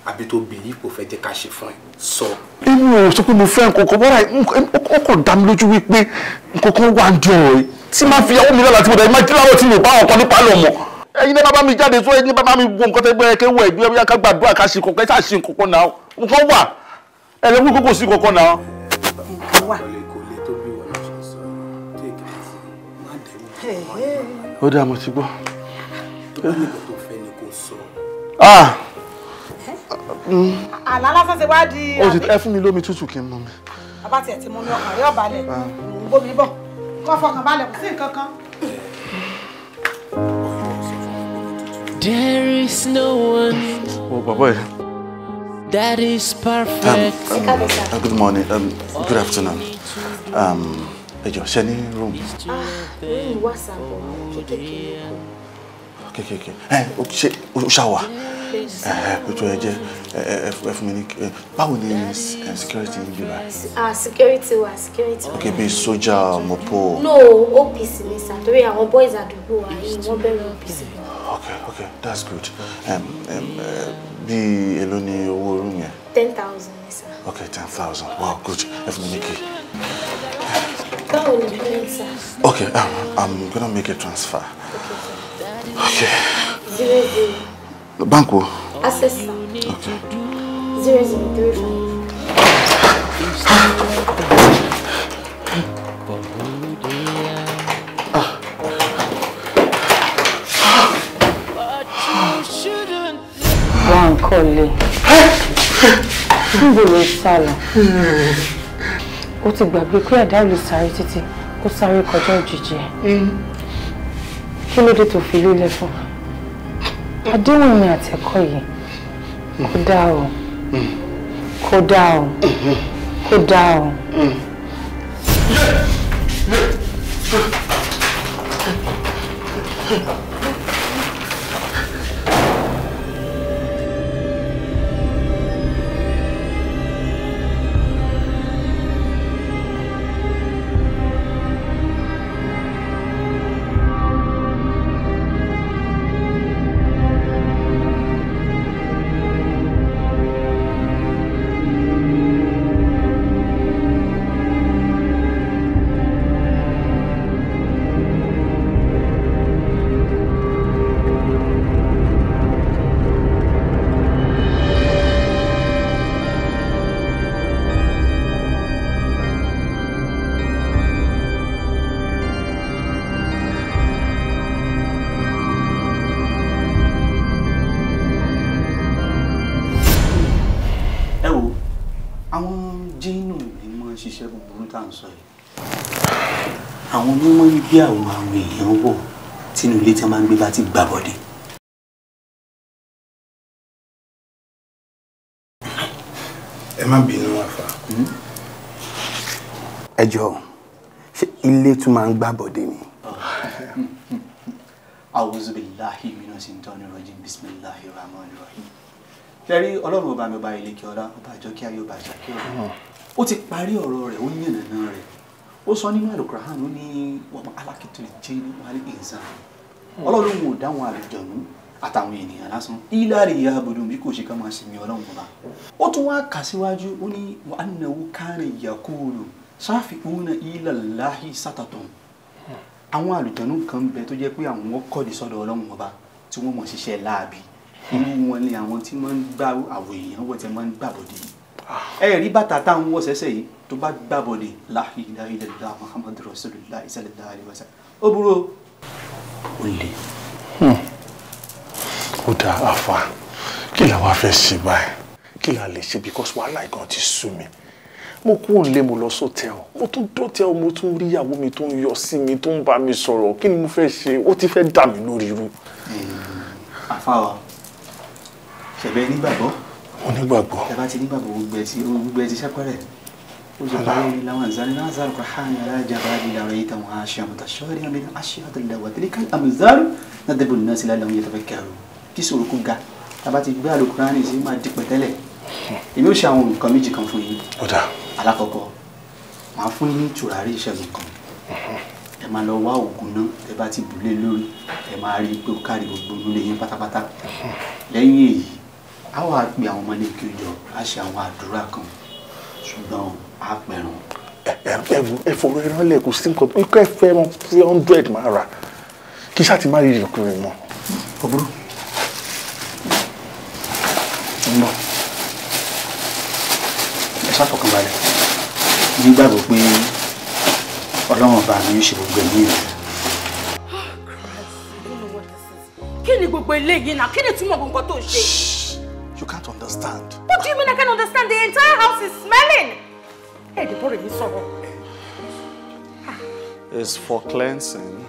A: àbí tó bì yìí kò fẹ́ jẹ́ ká ṣe fún ẹ sọ. inú ò sọ pé mo fẹ́ nǹkan kan wọ́n ó kàn dá mi lójú wípé nǹkan kan wà ní ọ̀rọ̀ yìí tí máa fi ìyàwó mi lọ́la tí mo dẹ̀ máa jí láwọ̀ tí mi ò bá ọ̀kan nípa lọ mọ̀. ẹ̀yin náà bá mi jáde sọ ẹ̀yin bá mi wo nǹkan tẹ́gbẹ́ ẹ kéwọ́ ẹ̀gbẹ́ ẹ̀ ká gbàdúrà ká ṣe kọ̀ọ̀kan ẹ̀ ṣáà ṣe nǹkan náà nǹkan wà ẹ̀lẹ́kùn kókò sí kọ̀ọ̀kan náà. ó dáa mo ti gbọ́. tó bá nígbà tó fẹ́ ni kò sọ. Ah!
C: àlá lásán wá di. o ti ẹ
A: fún mi lómi tútù kí n mọ mi.
C: bàbá tiẹ̀ ti mú mi ọkàn yóò balẹ̀ gbómi ah. bọ̀ kó fọkàn balẹ̀ kò sí nǹkan kan.
G: There is no one. Oh, bàbá yìí. That is um, perfect. Um, um, uh, good
A: morning. Um, good afternoon. Um, ẹ jọ̀ọ́ ṣe ní room. Ah,
G: mi wá
C: sàbọ̀ kékeré.
A: Kékeré. Ẹ o ṣe o
C: ètò
A: eh, eh, ẹ̀jẹ̀ ẹ fún mi ní eh, báwo ni security yìí bí bá.
C: Ah,
K: security wa security wa. ok
A: bí sójà mopo.
K: no OPC ni sà torí àwọn boys àdúgbò wa yìí wọ́n bẹ̀rù OPC.
A: ok ok that's good um, um, bí èló ni owó orí yẹn. ten thousand sir. sà. ok ten thousand wow good ẹ fún mi
K: báwo ni bí wọ́n ń
A: ok um, I'm gonna make a transfer. ok. okay.
K: zero zero. The Bank wo? Access. Okay. Zero zero three five.
B: Bankole. Níbo ló sá lọ? Ó ti gbàgbé pé ẹ̀dá ò lè sáré títí kó sáré kọjá òjijì ẹ̀. Mm. Kí ló dé tó fi lélẹ̀ fún? àdéhùn mi àtẹ̀kọ́ yìí kò mm. dáa o mm. kò dáa o mm-hmm. kò dáa o. Mm. Yeah.
F: láti gbàbọ̀dé. ẹ má bínú àfà. Hmm?
A: ẹ jọ̀ọ́ ṣé ilé tún máa ń gbàbọ̀dé ni.
E: a'udhu billahi minash shaitani rajim bismillahir rahmanir rahim tẹ́rí ọlọ́run ọba mi ọba ìlẹ̀kẹ̀ ọ̀la ọba àjọkí ayé ọba àjọkí ọ̀la hmm. ó ti parí ọ̀rọ̀ rẹ̀ ó yànnàná rẹ̀ ó sọ nínú àlùkùránì ó ní wàmọ́ alákìtúlẹ̀ jẹ́ ní wàhálì ìzàn ọlọ́run wò dáwọn àlùjọ̀nù àtàwọn ènìyàn lásán ìlàrí ìyá abodò bí kò ṣe ká máa sinmi ọlọ́run bá ó tún wá kà síwájú ó ní wàhánàwó kárẹ ìyàkóòlù sáfìkúnà ìlàláhì sátàtọ̀ àwọn àlùjọ̀nù kan bẹ tó jẹ́ pé àwọn kọ́dí sọ́dọ̀ ọlọ́run ọba tí wọ́n mọ̀ ṣiṣẹ́ láàbì irú wọn ni àwọn tí wọ́n ń gbá àwọn èèyàn wọ́n ti máa ń gbàbọ̀dé ah. ẹ rí bàtà táwọn wọ́ sẹ́sẹ̀ yìí tó bá gbàbọ̀dé láhìláhìlá muhammadu rasulillah sallallahu alaihi ó burú
G: Hmm. ó le. ó dáa àfa kí
A: làwa fẹ́ ṣe báyìí kí la lè ṣe because wàhálà ìkan ti sú mi mo kúrò nílé mo lọ sọ́tẹ̀ọ̀ mo tún dọ́tẹ̀ọ̀ mo tún rí ìyàwó mi tó ń yọ sí mi tó ń bá mi sọ̀rọ̀ kí ni mo fẹ́ ṣe ó ti fẹ́ dà mí lórí irú. àfa hmm. wa ṣẹ̀bẹ̀ nígbàgbọ́. mo nígbàgbọ́. ti nígbàgbọ́ gbogbo ẹ ti gbogbo ẹ ti ṣẹ́pẹ́rẹ́.
E: وجبريل وانزلنا زار قحان لا جبال لريتم هاشم تشوري من عشية اللوى تلك الأمزار ندب الناس لعلهم يتفكرون kí sòrò kó ga tàbá ti gbé àlùkùránì sí máa di pẹ̀tẹ́lẹ̀ èmi ò ṣe àwọn nǹkan méjì kan fún yín alákọ̀ọ́kọ́ màá fún yín ní tùràrí ìṣẹ́gun kan ẹ máa lọ wá oògùn náà ẹ bá ti bùlé lórí
A: ṣùgbọ́n apẹ̀rùn. ẹ fọwọ́ ẹran lẹ́kùn sí nǹkan ikọ́ ẹ fẹ́ wọn three hundred máa kí sáà ti má rí ìrìnkúrìn mọ́. ọ̀bùrú ń ẹ ṣàfọkànbalẹ̀
E: nígbàgbọ́ pé ọlọ́run ọba mi yóò ṣe gbogbo ẹ̀mí rẹ̀.
B: kí ni gbogbo eléyìí náà kí ni túmọ̀ gbogbo tó ṣe.
A: you can't understand.
B: what do you mean i can't understand the entire house is smelling.
A: It's for cleansing.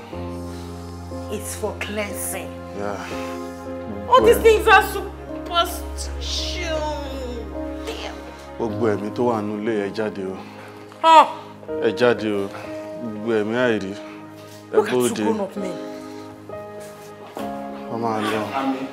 B: It's for cleansing.
A: Yeah. All well. these things
B: are superstition.
A: Gbogbo ẹ̀mí tó wà nínú ilé ẹ jáde o. Ẹ jáde o. Gbogbo ẹ̀mí àìrí. Ẹ bóde. Look at you, grown up man. Come on,
E: Amen.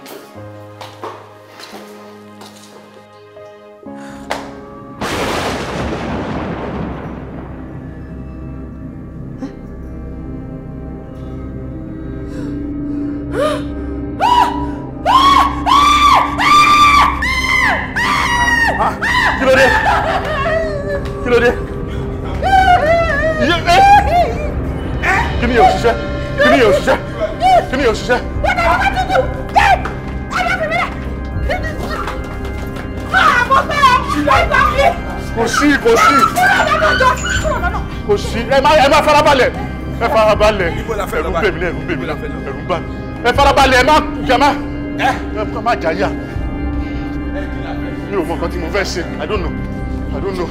F: sí kò sí.
A: kò sí ẹ má ẹ má farabalẹ̀ ẹ farabalẹ̀ ẹ̀rù bẹ̀ mí ẹ̀rù bẹ̀ mí ẹ̀rù bá mi ẹ farabalẹ̀ ẹ má jama ẹ má jàyà mi ò mọ nǹkan tí mo fẹ́ ṣe I don't know I don't know.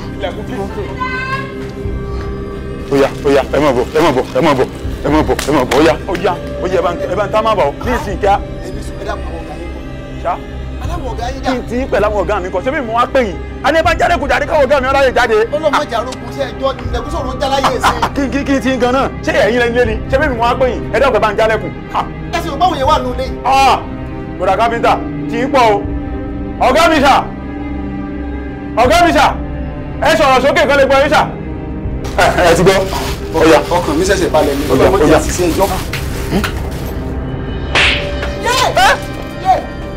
A: oya oya ẹ má bọ̀ ẹ má bọ̀ ẹ má bọ̀ ẹ má bọ̀ ẹ má bọ̀ oya oya oya ẹ bá ń tá má bọ̀ ní ìsìn kíá. ẹ ní sùn ẹ dàpọ̀ ọ̀gá yẹn kọ́ kí n ti pẹ̀lú àwọn ọ̀gá mi kọ́ ṣé mi mọ̀ wá pè yín àní bá jáde kò jáde káwọn ọ̀gá mi ọ̀láyè jáde. ọlọ́mọ ìjà arógun ṣe
E: ẹjọ́ ìdẹ̀kúsọ̀rọ̀ ń jáláyè
A: ẹ̀sìn. kí kí kí ti gan náà ṣé ẹ̀yin lẹ́ni lẹ́ni ṣé mi mọ̀ wá pè yín ẹ̀dá ọ̀gbẹ́ bá ń jálẹ̀kùn. ẹsẹ̀ ò báwọn yẹn wà lóde. bùrà káfíńtà ti ń o ọ̀gá mi ṣá ọ̀gá mi ṣá ẹ sọ̀rọ̀ sókè kan lè gbọ́ yín ṣá. ẹ ti gbọ́ ọ̀yà ọkàn mi ṣẹ̀ṣẹ̀ balẹ̀ mi ọ̀yà ọ̀yà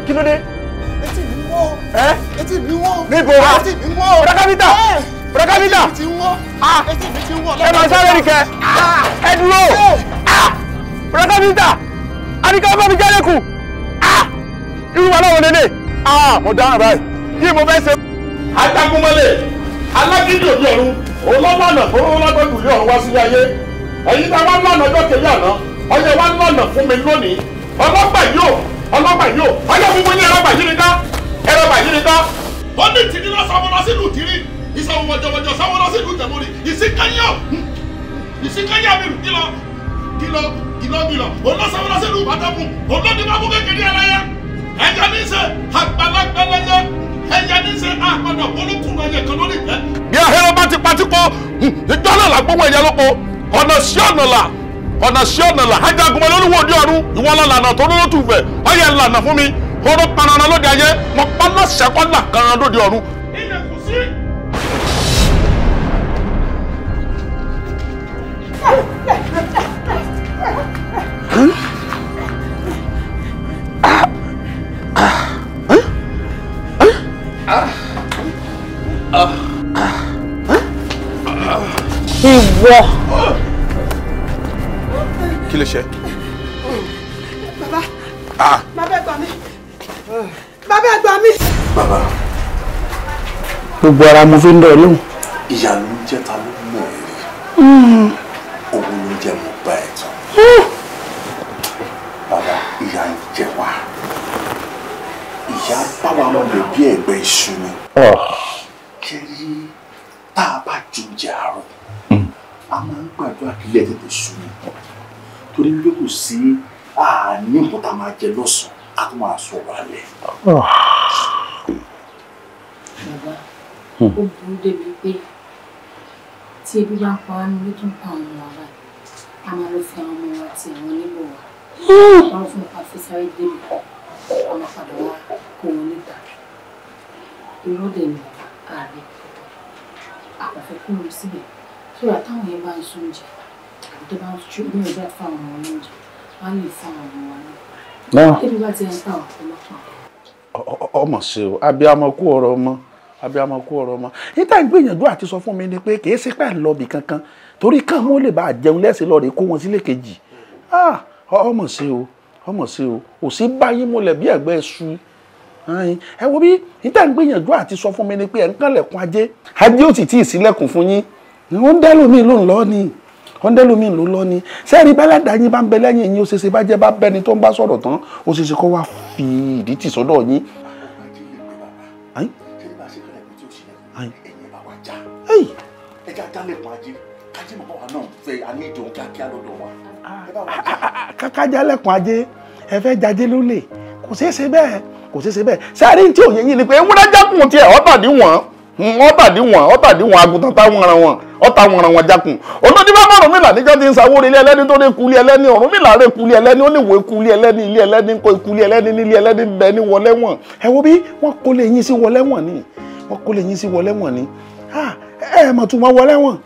A: kí ló dé
F: ẹ.
G: etí mi wọ́n. níbo wa ah,
F: etí mi wọ́n. bùrọ̀kápítà bùrọ̀kápítà. etí mi ti wọ́n.
G: Ah! etí mi ti wọ́n. ẹ máa sáré nìkẹ́. Ah! ẹ dúró.
F: bùrọ̀kápítà àdìgá bá mi jáde kù. irú wa láwọn lélẹ̀.
A: mo dáhùn báyìí kí mo fẹ́ ṣe. ajagunmọ́lẹ̀ alágídí òbí ọ̀run olómọ̀nà tó lọ́dọ̀dù yóò wá sílé ayé ẹ̀yin tá a wá lọ́nà ọjọ́ kejì àná ọyẹ wá lọ́nà fún mi lónìí ọlọ́gbà yóò ọlọ́gbà yóò ọyẹ fún mi ní ọlọ́gbà yìí ni ká. ẹ lọ bàjẹ́ ni tán. ó ní tìrí lọ sáwọn lọ sílùú tìrí ìsàwọn wọjọwọjọ sáwọn lọ sílùú tẹmọrí ìsìnkányọ ìsìnkányọ mi kìlọ kìlọ kìlọ kìlọ olóṣàwọn lọ sílùú bàtàkùn kékeré ẹjẹ ní sẹ ẹjẹ ní sẹ àgbàdo ẹyẹ kan lórí bí bá ti náà lóko ọ̀nà sí ọ̀nà là ọ̀nà sí ọ̀nà là tó mo ló panana lóde ayé mo pa láṣẹ kọ́là kan lóde ọ̀run. ilẹ̀ kù sí. ìwọ. kí ló ṣe. mi àgbà mi. bàbá gbogbo ara mo fi ń dọ̀ lóhùn. ìyá ló ń jẹ́ ta ló mọ̀
F: èrè
A: òun ló jẹ́ mo bá ẹ̀ tán. bàbá ìyá ń jẹ wá ìyá báwa mọ̀ lè bí ẹ̀gbẹ́ iṣu ni. kẹ́rí tá a bá ju oúnjẹ àárọ̀ hmm. a máa ń gbàdúrà kílẹ̀ tètè sùn ni torí wípé sí àní kó tá a máa jẹ lọ́sàn-án a tún máa sọ balẹ̀.
F: bàbá ó
H: burú débi pé tí ebi bá pa á nílé tó ń pa àwọn ọmọ wa a máa lọ fi àwọn ọmọ wa ti àwọn nílò
B: wa wọn fún un pàfi sáré débi ọmọ padà wá kó wọn níta irú dè ní ààrẹ àkọ́fẹ́ kúrò síbẹ̀ sórí àtàwọn yẹn bá ń sún jẹ àbí tó bá ń sún ní ọjọ́ fáwọn ọmọ oúnjẹ wọn á lè fáwọn ọmọ wa náà ọmọ
A: ṣe o abiyamọ kú ọ̀rọ̀ ọmọ abiyamọ kú ọ̀rọ̀ ọmọ níta ìgbìyànjú àti sọ fún mi ni pé kì í ṣe pé àlọbì kankan torí kàn ba lè bá jẹun lẹ́sìn lọ rè kó wọn sílé kejì ah, ọmọ ṣe o ọmọ ṣe o ò sí báyìí mọ́lẹ̀ bí ẹ̀gbẹ́ ṣu ẹ wo bí níta ìgbìyànjú àti sọ fún mi ni pé ẹ̀ le kànlẹ̀kùn ajé ajé ò sì tí ì sílẹ̀kùn fún yín ni wọ́n ń dá lómi lóun lọ́ọ́ ni ọ̀ndẹ́lómi ló lọ ni sẹ́ẹ̀rí bẹ́lẹ́dà yín bá ń bẹ lẹ́yìn yín ó ṣeéṣe bá jẹ́ bá bẹ́ni tó ń bá sọ̀rọ̀ tán ó ṣeéṣe kó wá fi ìdí tì sọ́dọ̀ yín. kájálẹ̀kùn ah, ah, ah, ajé ẹ fẹ́ jajé ló lè kò ṣeéṣe bẹ́ẹ̀ kò ṣeéṣe bẹ́ẹ̀ sẹ́ẹ̀rí tí òye yín ni pé ewúrẹ́ jákùn tiẹ̀ ọ̀tàdínwọ̀n ọ̀tàdí wọn ọ̀tàdí wọn àgùntàn táwọn ara wọn ọ̀tà wọn ara wọn jakun olódì bá márùn mìlá níjọ́ ti ń sanwó ilé ẹlẹ́ni tó dé kulé ẹlẹ́ni ọ̀run mìlá rẹ̀ kulé ẹlẹ́ni ó níwò kulé ẹlẹ́ni ilé ẹlẹ́ni kó kulé ẹlẹ́ni nílé ẹlẹ́ni bẹ ní wọlé wọn ẹ wo bí wọn kó lè yín sí wọlé wọn ni wọn kó lè yín sí wọlé wọn ni ẹ ẹ mọ̀ tún wọn wọlé wọn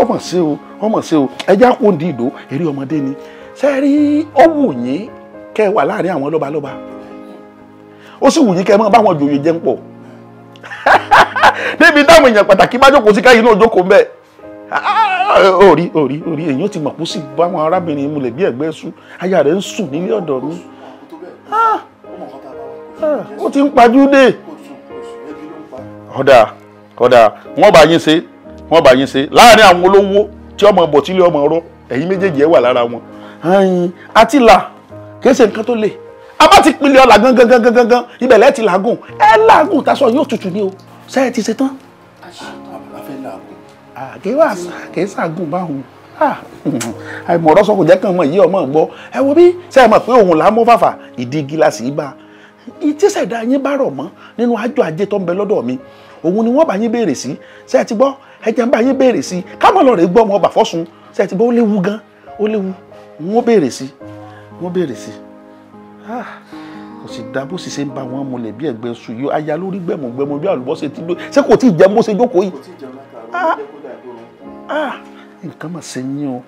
A: ọmọ sí o ọmọ sí o ẹjẹ kó di ìdó eré ọmọdé ni sẹ́ẹ̀rí ó wù débi táwọn èèyàn pàtàkì bá jókòó sí káyìí náà jókòó bẹ́ẹ̀ ah, orí orí orí èyí ó ti mọ̀ kó sì bá àwọn arábìnrin mu lè bí ẹ̀gbẹ́ sùn aya rẹ̀ ń sùn nílé ọ̀dọ̀ mi ah, ah, ó ti ń pajú dé ọ̀dà ọ̀dà wọ́n bá yín ṣe wọ́n bá yín ṣe láàárín àwọn olówó tí ọmọ bọ̀ tí ilé ọmọ rọ ẹ̀yin méjèèjì ẹ̀ wà lára wọn àti là kìí ṣe nǹkan tó le a bá ti pilẹ̀ ọ̀la gangan gangan gangan ibẹ̀ lẹ́ẹ̀ ti làágùn ẹ làágùn taṣọ yóò tutù ní o ṣe é ti ṣe tán. àkèwà kèé ṣàgùn báwọn àìmọ̀rọ̀ sọ kò jẹ́ kàn mọ̀ yí ọmọ gbọ́ ẹ wo bí ṣe é mọ̀ pé òun là ń mú fàfà ìdí gíláàsì ibà ìtísẹ̀dá yín bá rọ̀ mọ́ nínú àjọ ajé tó ń bẹ lọ́dọ̀ mi òun ni wọ́n bá yín béèrè sí ṣe é ti gbọ́ ẹ̀jẹ̀ ń bá yín béèrè sí kámọ́ lọ rè gbọ́ ọmọ ọba fọ́sùn ṣe é ti gbọ́ ó léwu gan ó léwu wọ́n béèrè sí wọ́n béèrè sí. Ah, kò sì dá bó sì ṣe ń bá wọn mọlẹ̀ bí ẹ̀gbẹ́ sùn yìí aya lórí gbẹ̀mọ̀ gbẹ̀mọ̀ bí àlùbọ́sẹ̀ ti ló ṣé kò tí ì jẹun bó ṣe jókòó yìí. Ah, ah, nǹkan mà ṣe yín o.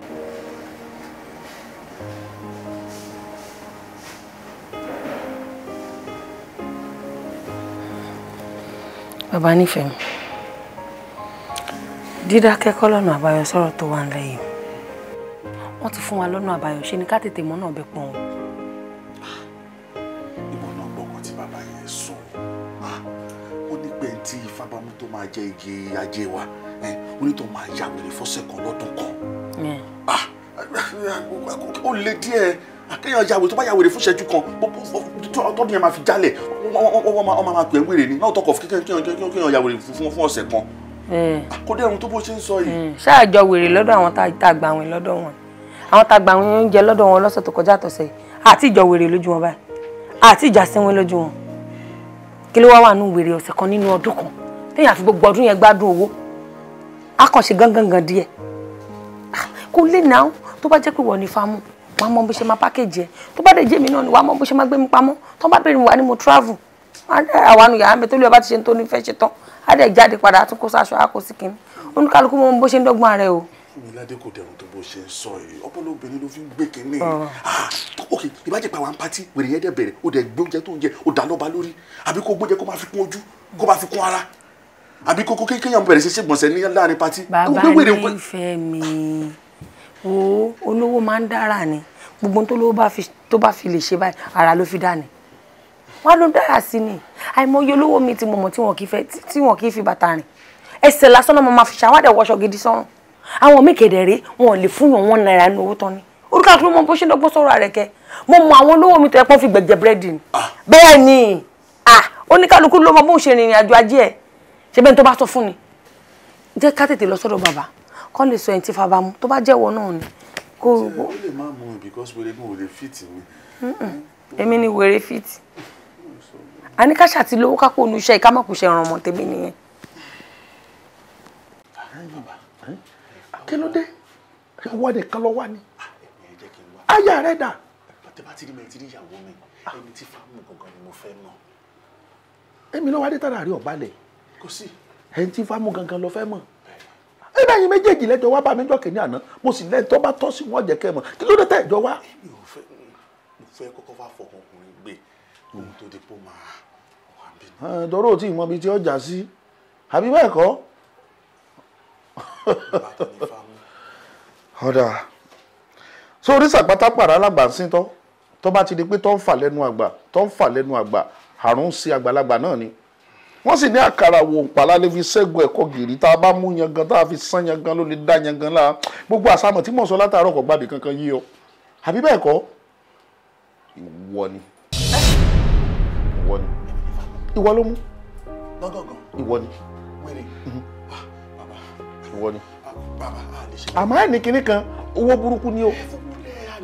B: bàbá nífẹ̀ẹ́ mi dídákẹ́ kọ́ lọ́nà àbáyọ sọ̀rọ̀ tó wà ń lẹ́yìn wọ́n ti fún wa lọ́nà àbáyọ ṣe ni ká tètè
A: mọ́nà ọbẹ̀ pọ̀ wọn. tí ifá bá mú tó máa jẹ igi ajé wa onítọ̀ máa ya wèrè fọ́sẹ̀ kan lọ́dún kan ah, ó lé díẹ̀ akéèyàn ya wèrè tó bá ya wèrè fún ìṣẹ́jú kan tọ́dún yẹn máa fi jálẹ̀ wọ́n máa pè é wèrè ni náà tọkọ̀ kéèyàn ya wèrè fún ọ̀sẹ̀ kan ah, kó dẹ́rùn tó bó ṣe ń
B: sọ yìí. Mm. ṣáàjọ wèrè lọ́dọ̀ àwọn tá a gbà wọn lọ́dọ̀ wọn àwọn tá a gbà wọn oúnjẹ lọ́dọ̀ wọn lọ́sẹ̀ tó kọjá àtọ̀sẹ̀ àti ìjọ wèrè lójú wọn báyìí àti ìjà sí lójú wọn kí ló wá wà nù wèrè ọ̀sẹ̀ kan nínú ọdún kan téèyàn àfi gbogbo ọdún yẹn gbádùn owó á kàn ṣe gángangan díẹ̀ kó lè náà tó bá jẹ́ pé wọ́n ní fámù wàá mọ bó ṣe máa pákéjì ẹ tó bá dé jẹ́mi náà ni wàá mọ bó ṣe máa gbé mi pamọ́ tó bá bèrè wà ní mo travel àwa nu yàrá mi tó lè bá ti ṣe ní tó ní fẹ́ ṣe tán á dẹ̀ jáde padà á tún kó sáṣọ á kó síkìní oníkálukú mọ bó ṣe ń dọ́gbọ́n rẹ o.
A: Fúnmiládé kò dẹrùn tó bó ṣe ń sọ yìí ọpọlọ obìnrin ló fi ń gbé kínní ah. ah, ok ìbàjẹ́ pa àwọn pati wèrè yẹn dẹ̀ bẹ̀rẹ̀ o dẹ̀ gbé oúnjẹ tó ń jẹ o dà lọ́ba lórí àbí kó gbóúnjẹ kó máa fi kún ojú kó máa fi kún ara àbí kó kó kéèyàn bẹ̀rẹ̀ sí ṣègbọ̀nsẹ̀ ní láàrin pati. bàbá ní
B: ìfẹ́ mi wo olówó máa ń dára ni gbogbo tó lówó tó bá fi lè ṣe báyìí ara ló fi dá ni wọn ló dára sí ni àìmọye olówó mi ti mọ̀mọ́ tí wọn kì í fi bàtà rìn ẹsẹ̀ lásán náà mo máa fi ṣàwádẹ̀ wọṣọ gidi sọ́run àwọn míì kedere wọn ò lè fún yàn wọn náírà ní owó tán ni orúkọ àkúrò mọ bó ṣe dọ́gbọ́n sọ̀rọ̀ rẹ̀ kẹ́ mo mọ àwọn olówó mi tó yẹ kó fi gbẹ̀jẹ̀ búrẹ́dì ni ah. bẹ́ẹ̀ ni ah, oníkálukú ló mọ bó ṣe rìnrìn àjò ajé ẹ̀ ṣe bẹ́ẹ̀ ni tó bá sọ fún ni jẹ́ ká tètè lọ sọ́dọ̀ bàbá kọ́ lè sọ ẹ̀yìn tí fàbá mu tó bá jẹ́wọ́ náà ni o gbọ́.
A: ṣe o lè má mú un because wèrè mi ò lè fit mi.
B: èmi ni wèrè fit àníkàṣà ti lówó kápò onú iṣẹ́ ìkámọ̀kùṣẹ́ ìrànmọ́ tèmi nìyẹn
A: Ah, kí ló dé ìyàwó ẹ̀dẹ̀ kan lọ wá ni aya rẹ̀ dà. bàtẹ́ bá ti rí mi ti rí ìyàwó mi ẹni tí fáàmù gangan ni mo fẹ́ mọ̀. èmi ló wá dé tára rí ọ̀balẹ̀. kò sí. ẹni tí fáàmù gangan lọ fẹ́ mọ̀. ẹgbẹ́ yín méjèèjì lẹ́jọ́ wá bá mi jọ́ kìnìún àná mo sì lẹ́yìn tó bá tọ́ sí wọn jẹ́ kẹ́ mọ̀ kí ló dé tẹ̀ jọ wá. mo fẹ́ kọ́kọ́ wá fọkàn ọkùnrin gbé ohun tó dé pó máa wà bí. dọ́rọ̀ tí ì ọ̀dà so oríṣàpátá pàrà alàgbà ń sin tọ́ tó bá ti di pé tó ń fà lẹ́nu àgbà tó ń fà lẹ́nu àgbà àrùn sí àgbàlagbà náà ni wọ́n sì ní àkàrà wò ń pàlálẹ́ fi ṣẹ́gun ẹ̀kọ́ gìrì tá a bá mú yangan tá a fi sán yangan ló lè dá yangan láà gbogbo àsámọ̀ tí mò ń sọ látàárọ̀ kò gbàbí kankan yí ọ àbí bẹ́ẹ̀ kọ́ ìwọ ni ìwọ ni ìwọ ló mú ìwọ ni ìwọ ni. Ah, àmọ́ ẹni kinní kan owó burúkú ni o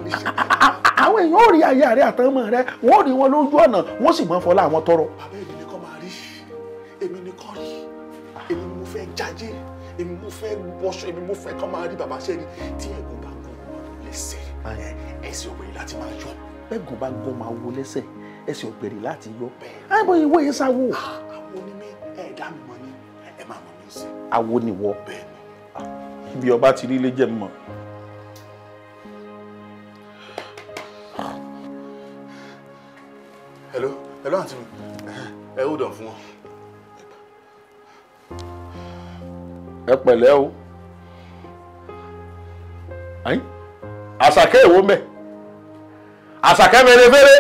A: àwọn èèyàn ò rí ayé rẹ àtọmọ rẹ wọn ò rí wọn lójú ọ̀nà wọn sì máa ń fọlá àwọn tọrọ. bàbá èmi nìkan máa rí èmi nìkan rí èmi mo fẹ́ jáde èmi mo fẹ́ wọṣọ èmi mo fẹ́ kọ́ máa rí bàbá sẹ́ni tí ẹ̀gbọ́n bá gún lẹ́sẹ̀ ẹ̀sìn òwe láti máa yọ. ẹ̀gbọ́n bá gún máa wo lẹ́sẹ̀ ẹ̀sìn ògbèrè láti yọ. àìbọ̀ ìwé yẹn sáwọ́. Ah, àwọn onímọ̀ ẹ̀dá mi mọ̀ ni ẹ̀ máa mọ̀ mí sí. awo ni wọ. bẹ́ẹ̀ ibi ọba ti rí ilé jẹ́ mọ́. hello hello àǹtí mi ẹ hold on fún wọn. ẹ pẹ̀lẹ́ o àṣàkẹ́ ìwó mẹ́ àṣàkẹ́ mẹ́rẹ́mẹ́rẹ́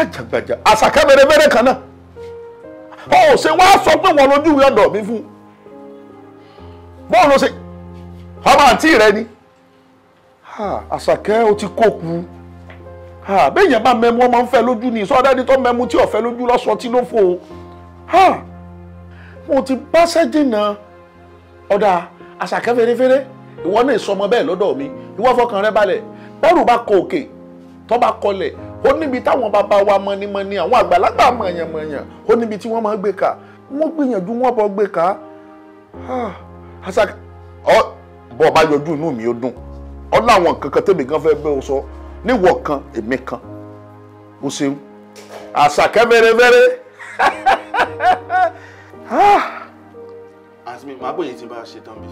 A: àjàgbàjà àṣàkẹ́ mẹ́rẹ́mẹ́rẹ́ kan náà ó ṣe wá sọ pé wọn lójú ìyọ̀dọ̀ mi fún un bọ́ọ̀ ló ṣe ọmọ àǹtí rẹ ni àṣàkẹ́ o ti kóku béèyàn bá mẹ́mu ọmọ ń fẹ́ lójú ni ìsọdẹ́ni tó mẹ́mu tí ọ̀fẹ́ lójú lọ́sọ tí ló fò mo ti bá sẹ́jìnà ọ̀dà àṣàkẹ́ fèrèfèrè ìwọ náà sọmọ bẹ́ẹ̀ lọ́dọ̀ mi ìwọ fọkàn rẹ balẹ̀ bẹ́rù bá kọ òkè tó bá kọlẹ̀ ó níbi táwọn bàbá wa mọ̀nìmọ̀nì àwọn àgbàlagbà mọ̀yànmọ̀yàn ó níbi tí wọ́n máa gbé ka wọ́n gbìyànjú wọ́n bọ́ gbé ka hasaka ọ bọ ọba yọjú inú mi ó dùn ọ láwọn nǹkan kan gan fẹ́ bẹ o sọ níwọ kan èmi kan o ṣeun àṣàkẹ́ mẹ́rẹ́mẹ́rẹ́. àti màá bòye tí bá ṣe tán bí.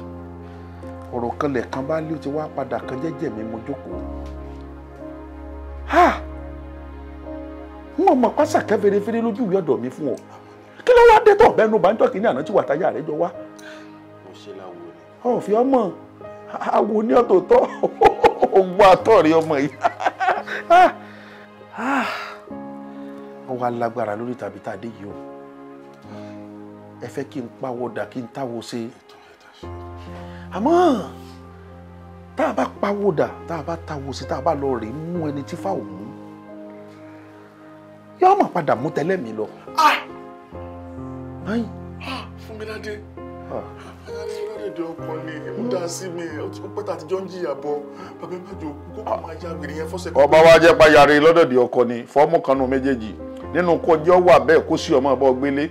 A: ọ̀rọ̀ kan lẹ̀kan bá lé o ti wá padà kan jẹ́jẹ́ mi mo jókòó. n ò mọ̀ fèrèfèrè lójú ìwé mi fún ọ kí ló wá dé tọ̀ bẹ́ẹ̀ nu bá ń tọ́ kí ní àná tí wàtáyà rẹ jọ wá ọ̀fẹ́ ọmọ àwo ní ọ̀tọ̀ọ̀tọ̀ òwò àtọ̀rẹ́ ọmọ yìí ọwọ́ alágbára ah. lórí tàbí tàdé yìí o ẹ fẹ́ kí n pawọ́ dà kí n táwo ṣe àmọ́ tá a bá pawọ́ dà tá a bá táwo ṣe tá a bá lọ rèé mú ẹni tí fáwọn mú yóò máa padà mú tẹ́lẹ̀ mi lọ. Ah! Ah! Fúnmiládé ọmọdé ọkọ ni èmi dá sí mi ó pẹ́ tàtijọ́ ń jìyà bọ̀ bàbá ẹ má jò kó kó máa ya gbèrè yẹn fọ́sẹ̀. ọba wa jẹ́ payari lọ́dọ̀dì ọkọ ni fọ́ọ̀mù kanú méjèèjì nínú kọjọ́ wà bẹ́ẹ̀ kó sí ọmọ ọba gbélé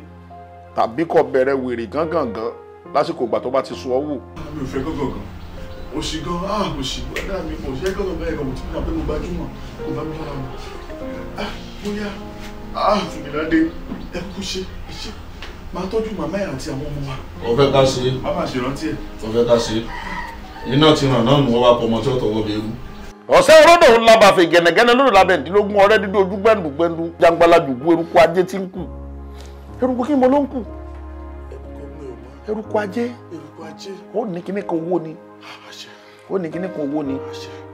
A: tàbí kó bẹ̀rẹ̀ wèrè gángangan lásìkò ìgbà tó bá ti sọ ọ́ wò. mi ò fẹ́ gángangan òṣì gan ah òṣì gbọ́dá mi kò ṣe ah bóyá ah, máa tọ́jú màmá ẹ̀ àti àwọn ọmọ wa. wọ́n fẹ́ ká ṣe é. wọ́n máa ṣèrántí ẹ̀. wọ́n fẹ́ ká ṣe é. iná ti ràn náà nù wọ́n wá pọ̀ ọmọ tí ó tọwọ́ bẹ́ẹ̀ rú ọ̀sẹ̀ olódò ńlá bàfẹ̀ gẹ̀nẹ̀gẹ̀nẹ̀ lórí labẹ̀ndínlógún ọ̀rẹ́ dídó ojú gbẹ̀ndùgbẹ̀ndù jangbala jùgbú eruku ajé tí ń kù eruku kí mo ló ń kù eruku ajé ó ní kíní kan owó ni ó ní kíní kan owó ni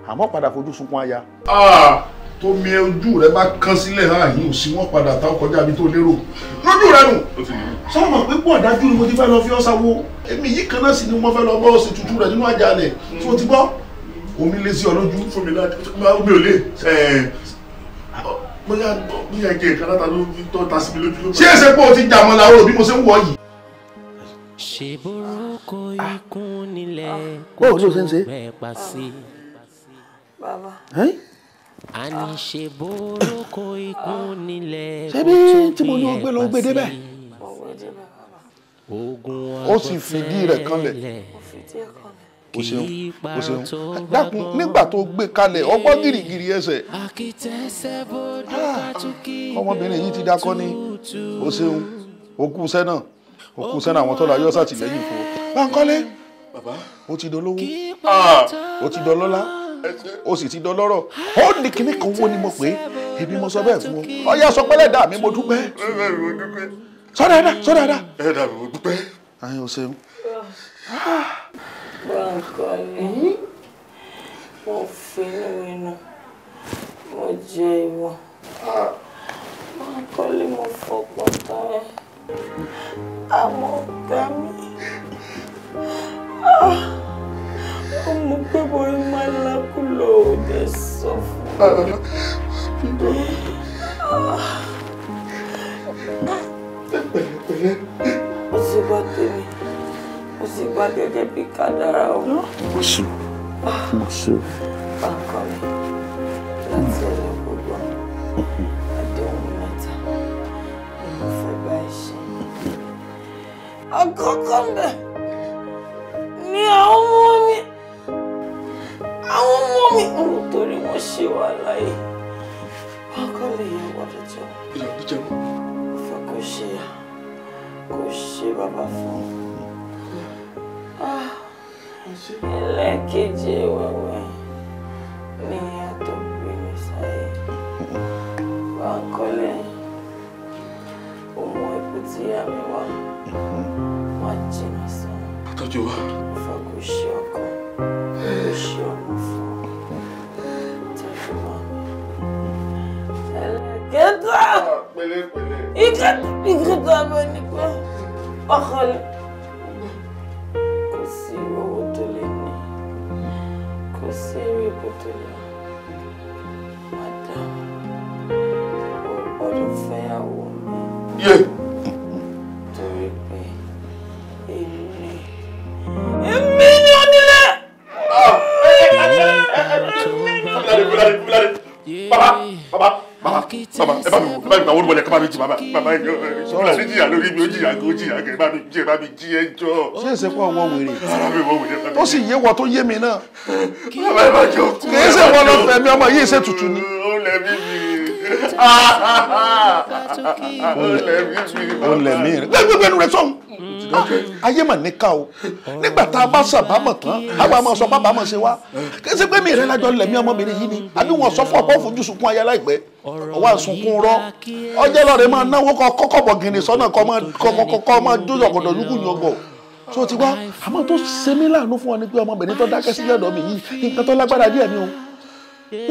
A: àmọ́ padà fojú sunkún aya. Ah! tómi ojú rẹ bá kán sílẹ̀ hàn yìí ò sí wọ́n padà tá kọjá bí tó lérò lójú rẹ nù sọ́mọ̀ pé dájú ni mo ti fẹ́ lọ fi ọ́ sáwó èmi yìí kan náà sì ni mo fẹ́ lọ bọ́ ọ̀sẹ̀ tuntun rẹ̀ nínú àjàlẹ̀ tí mo ti gbọ́ omi lé sí ọlójú fún mi láti omi ò lè bóyá bóyá jẹ nǹkan láta ló fi tọ́ ta sí mi lójú. ṣé ẹsẹ̀ pé o ti jà mọ́ làwọn òbí mo ṣe ń wọ̀ yìí. Ah. ṣe burúkú
G: ikú nílẹ̀ kó tó pẹ́ pa sí ṣebí tí mo ní ọgbẹ́ lọ gbé débẹ̀ ó sì fìdí rẹ̀ kanlẹ̀ o ṣeun o ṣeun dákun
A: nígbà tó gbé kalẹ̀ ọgbọ́ gìrìgìrì ẹsẹ̀ ah, ọmọbìnrin yìí ti dákọ́ ní o ṣeun okú sẹ́nà okú sẹ́nà àwọn tọ́lá yọ sàtìlẹ́yìn fún ọ. Bánkọ́lé o ti dolówó o ah, ti dọlọ́lá o sì ti dọlọ́rọ̀ ó ní kíní kan wó ni mo pé èmi mo sọ bẹ́ẹ̀ fún ọ ọyá sọ pẹ́lẹ́ dà mí mo dúpẹ́ sọ dáadáa sọ dáadáa. ẹ dà mí mo dúpẹ́. ayé o ṣeun.
D: Báńkọ́lé
B: mo fi inú mo jẹ ìwọ
G: Báńkọ́lé mo fọpọ̀ tán ẹ àmọ́ ọ̀gá
B: mi. Ah ọmọ pé bóyá máa
D: lákùlọ̀ òde sọ fún mi. pẹ̀lẹ́pẹ̀lẹ́. mo ti gbọ́ tèmi
B: mo ti gbọ́ gẹ́gẹ́ bí kádàrá o.
F: mo sùn mo sùn.
B: báńkọ mi láti ẹ̀rọ
I: gbogbo àdéhùn mẹ́ta ni mo fẹ́ bá ẹ ṣe. àkọ́kọ́
G: bẹ́ẹ̀ ni àwọn ọmọ mi àwọn ọmọ mi kò rò torí wọn ṣe wà láyé
F: wọn kọ́ lè yẹ gbọ́dọ̀ jẹun.
G: ìyá jíjẹ mọ. fún kò ṣe kò ṣe bàbá fún ah, ẹlẹ́ẹ̀kejì wẹ̀wẹ̀ ni ìyá tó gbé mi sáyé wọn kọ́
I: lẹ́yìn òun ẹ̀kú tí ìyá mi wá
G: wá jìnnà sọ. àtọ́jú wa. fún kò ṣe ọkọ.
B: ìkẹta ìkẹta bẹ ni pé ọkọlẹ kò sí owó tó lè ní kò sí eré epo tó lè ní madam ó
F: gbọ́dọ̀ fẹ́yàwó mi
A: Baba, baba bàbá bàbá ẹ bá mi wò bàbá mi gbà wọlé wọlé kọ́ bá mi jì bàbá bàbá ẹ sọ́ọ́lá sí jìyà lórí mi ó jìyà kó jìyà kẹ́ ẹ bá mi jí ẹ bá mi jí ẹ jọ. ṣé ẹsẹ̀ kó àwọn wèrè. ara mi wọ wèrè. ó sì yé wọ tó yé mi náà. bàbá ẹ bá jọ kú. kì í ṣe wọn lọ fẹmi ọmọ yìí ṣe tutù ni. ó lẹ mí mi.
D: Ah,
A: ah, ah, ó lẹ mí mi. ó lẹ mí rẹ. gbẹgbẹgbẹ nu rẹ sọhùn ayé mà níkà o nígbà tá a bá sàbámọ̀ tán àwa máa sọ bábàámọ̀ ṣe wá kése pé mi rẹ lájọ lẹ̀mí ọmọbìnrin yìí ni àbí wọn sọ fún ọ̀pọ̀ fojú sunkún ayé láìpẹ́ ọwọ́ àsunkún rọ ọjọ́ lọ́ọ̀rẹ́ máa náwó kọ kọ́kọ́ bọ̀ gìnì sọ́nà kọ́ máa jójọ gọ̀dọ̀ lúkú yọgọ̀ so ti wá àmọ́ tó ṣe mí láàánú fún ọ ni pé ọmọbìnrin tó dákẹ́ sílẹ̀ ọ̀dọ̀ mi yìí nǹkan tó lágbára díẹ̀ ni o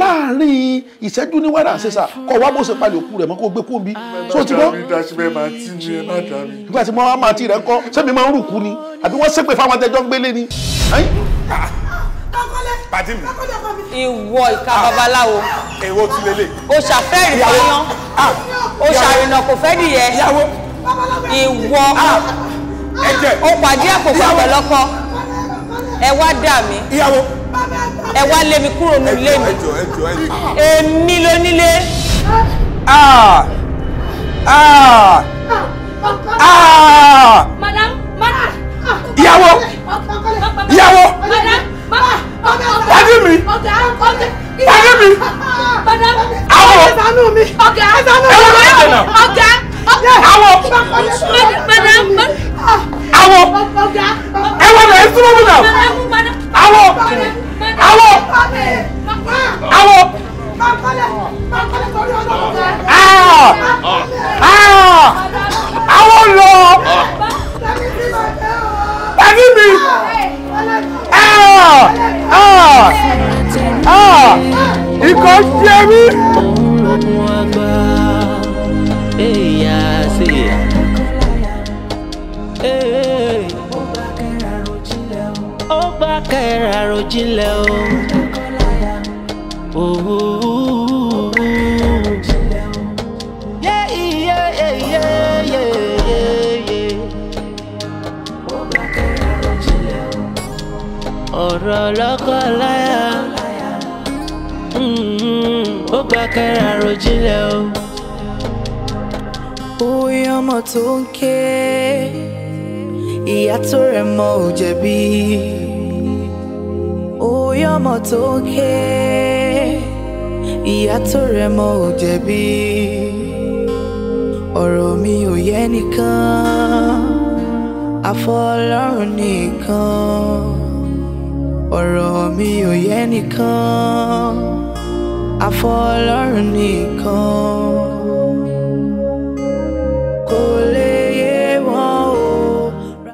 A: láàrin ìṣẹ́jú ní wàrà ṣẹṣà kọ wá bó ṣe palẹ̀ òkú rẹ̀ mọ́ kó gbé kóńbi tó ti bọ́. nígbà tí mo máa máa ti rẹ̀ kọ́ sẹ́mi máa ń rùkú ni àbí wọ́n ṣépè fáwọn àtẹjọ́ ń gbélé ni.
B: ìwọ ìka ah. babaláwo
A: o ṣàfẹ́rì fọyán ah.
B: o ṣàrìnà kò fẹ́ nìyẹn ìwọ ah. o pàdé àpò pàpẹ́ lọ́kọ́ ẹ wá dà mí. ìyàwó ẹ wá lé mi
A: kúrò ní ilé mi
B: èmi lónílé.
A: Ah!
F: Ah!
A: Ah!
B: Madam, madam.
F: Ìyàwó! Ìyàwó!
B: Pàdé mi! Pàdé mi! Àwọn! Ẹ wọ́n lọ́dọ̀ náà! àwọn àwọn
F: ẹwọ náà ẹsùn mọ́mú náà àwọn àwọn àwọn. Àwọn lọ! Tàbí mi! Ikọ̀
G: ṣe mí! Hey, I see. Hey. Ó bá Ọ̀rọ̀ lọ́kọláya.
J: Ó bá kẹ́ra rojinlẹ̀ o bóyá ọmọ tó ń ké ìyá tó rẹ̀ mọ ò jẹ̀bi bóyá ọmọ tó ń ké ìyá tó rẹ̀ mọ ò mi ò yẹ nìkan àfọlọ́run nìkan ọ̀rọ̀ mi ò yẹ nìkan àfọlọ́run nìkan.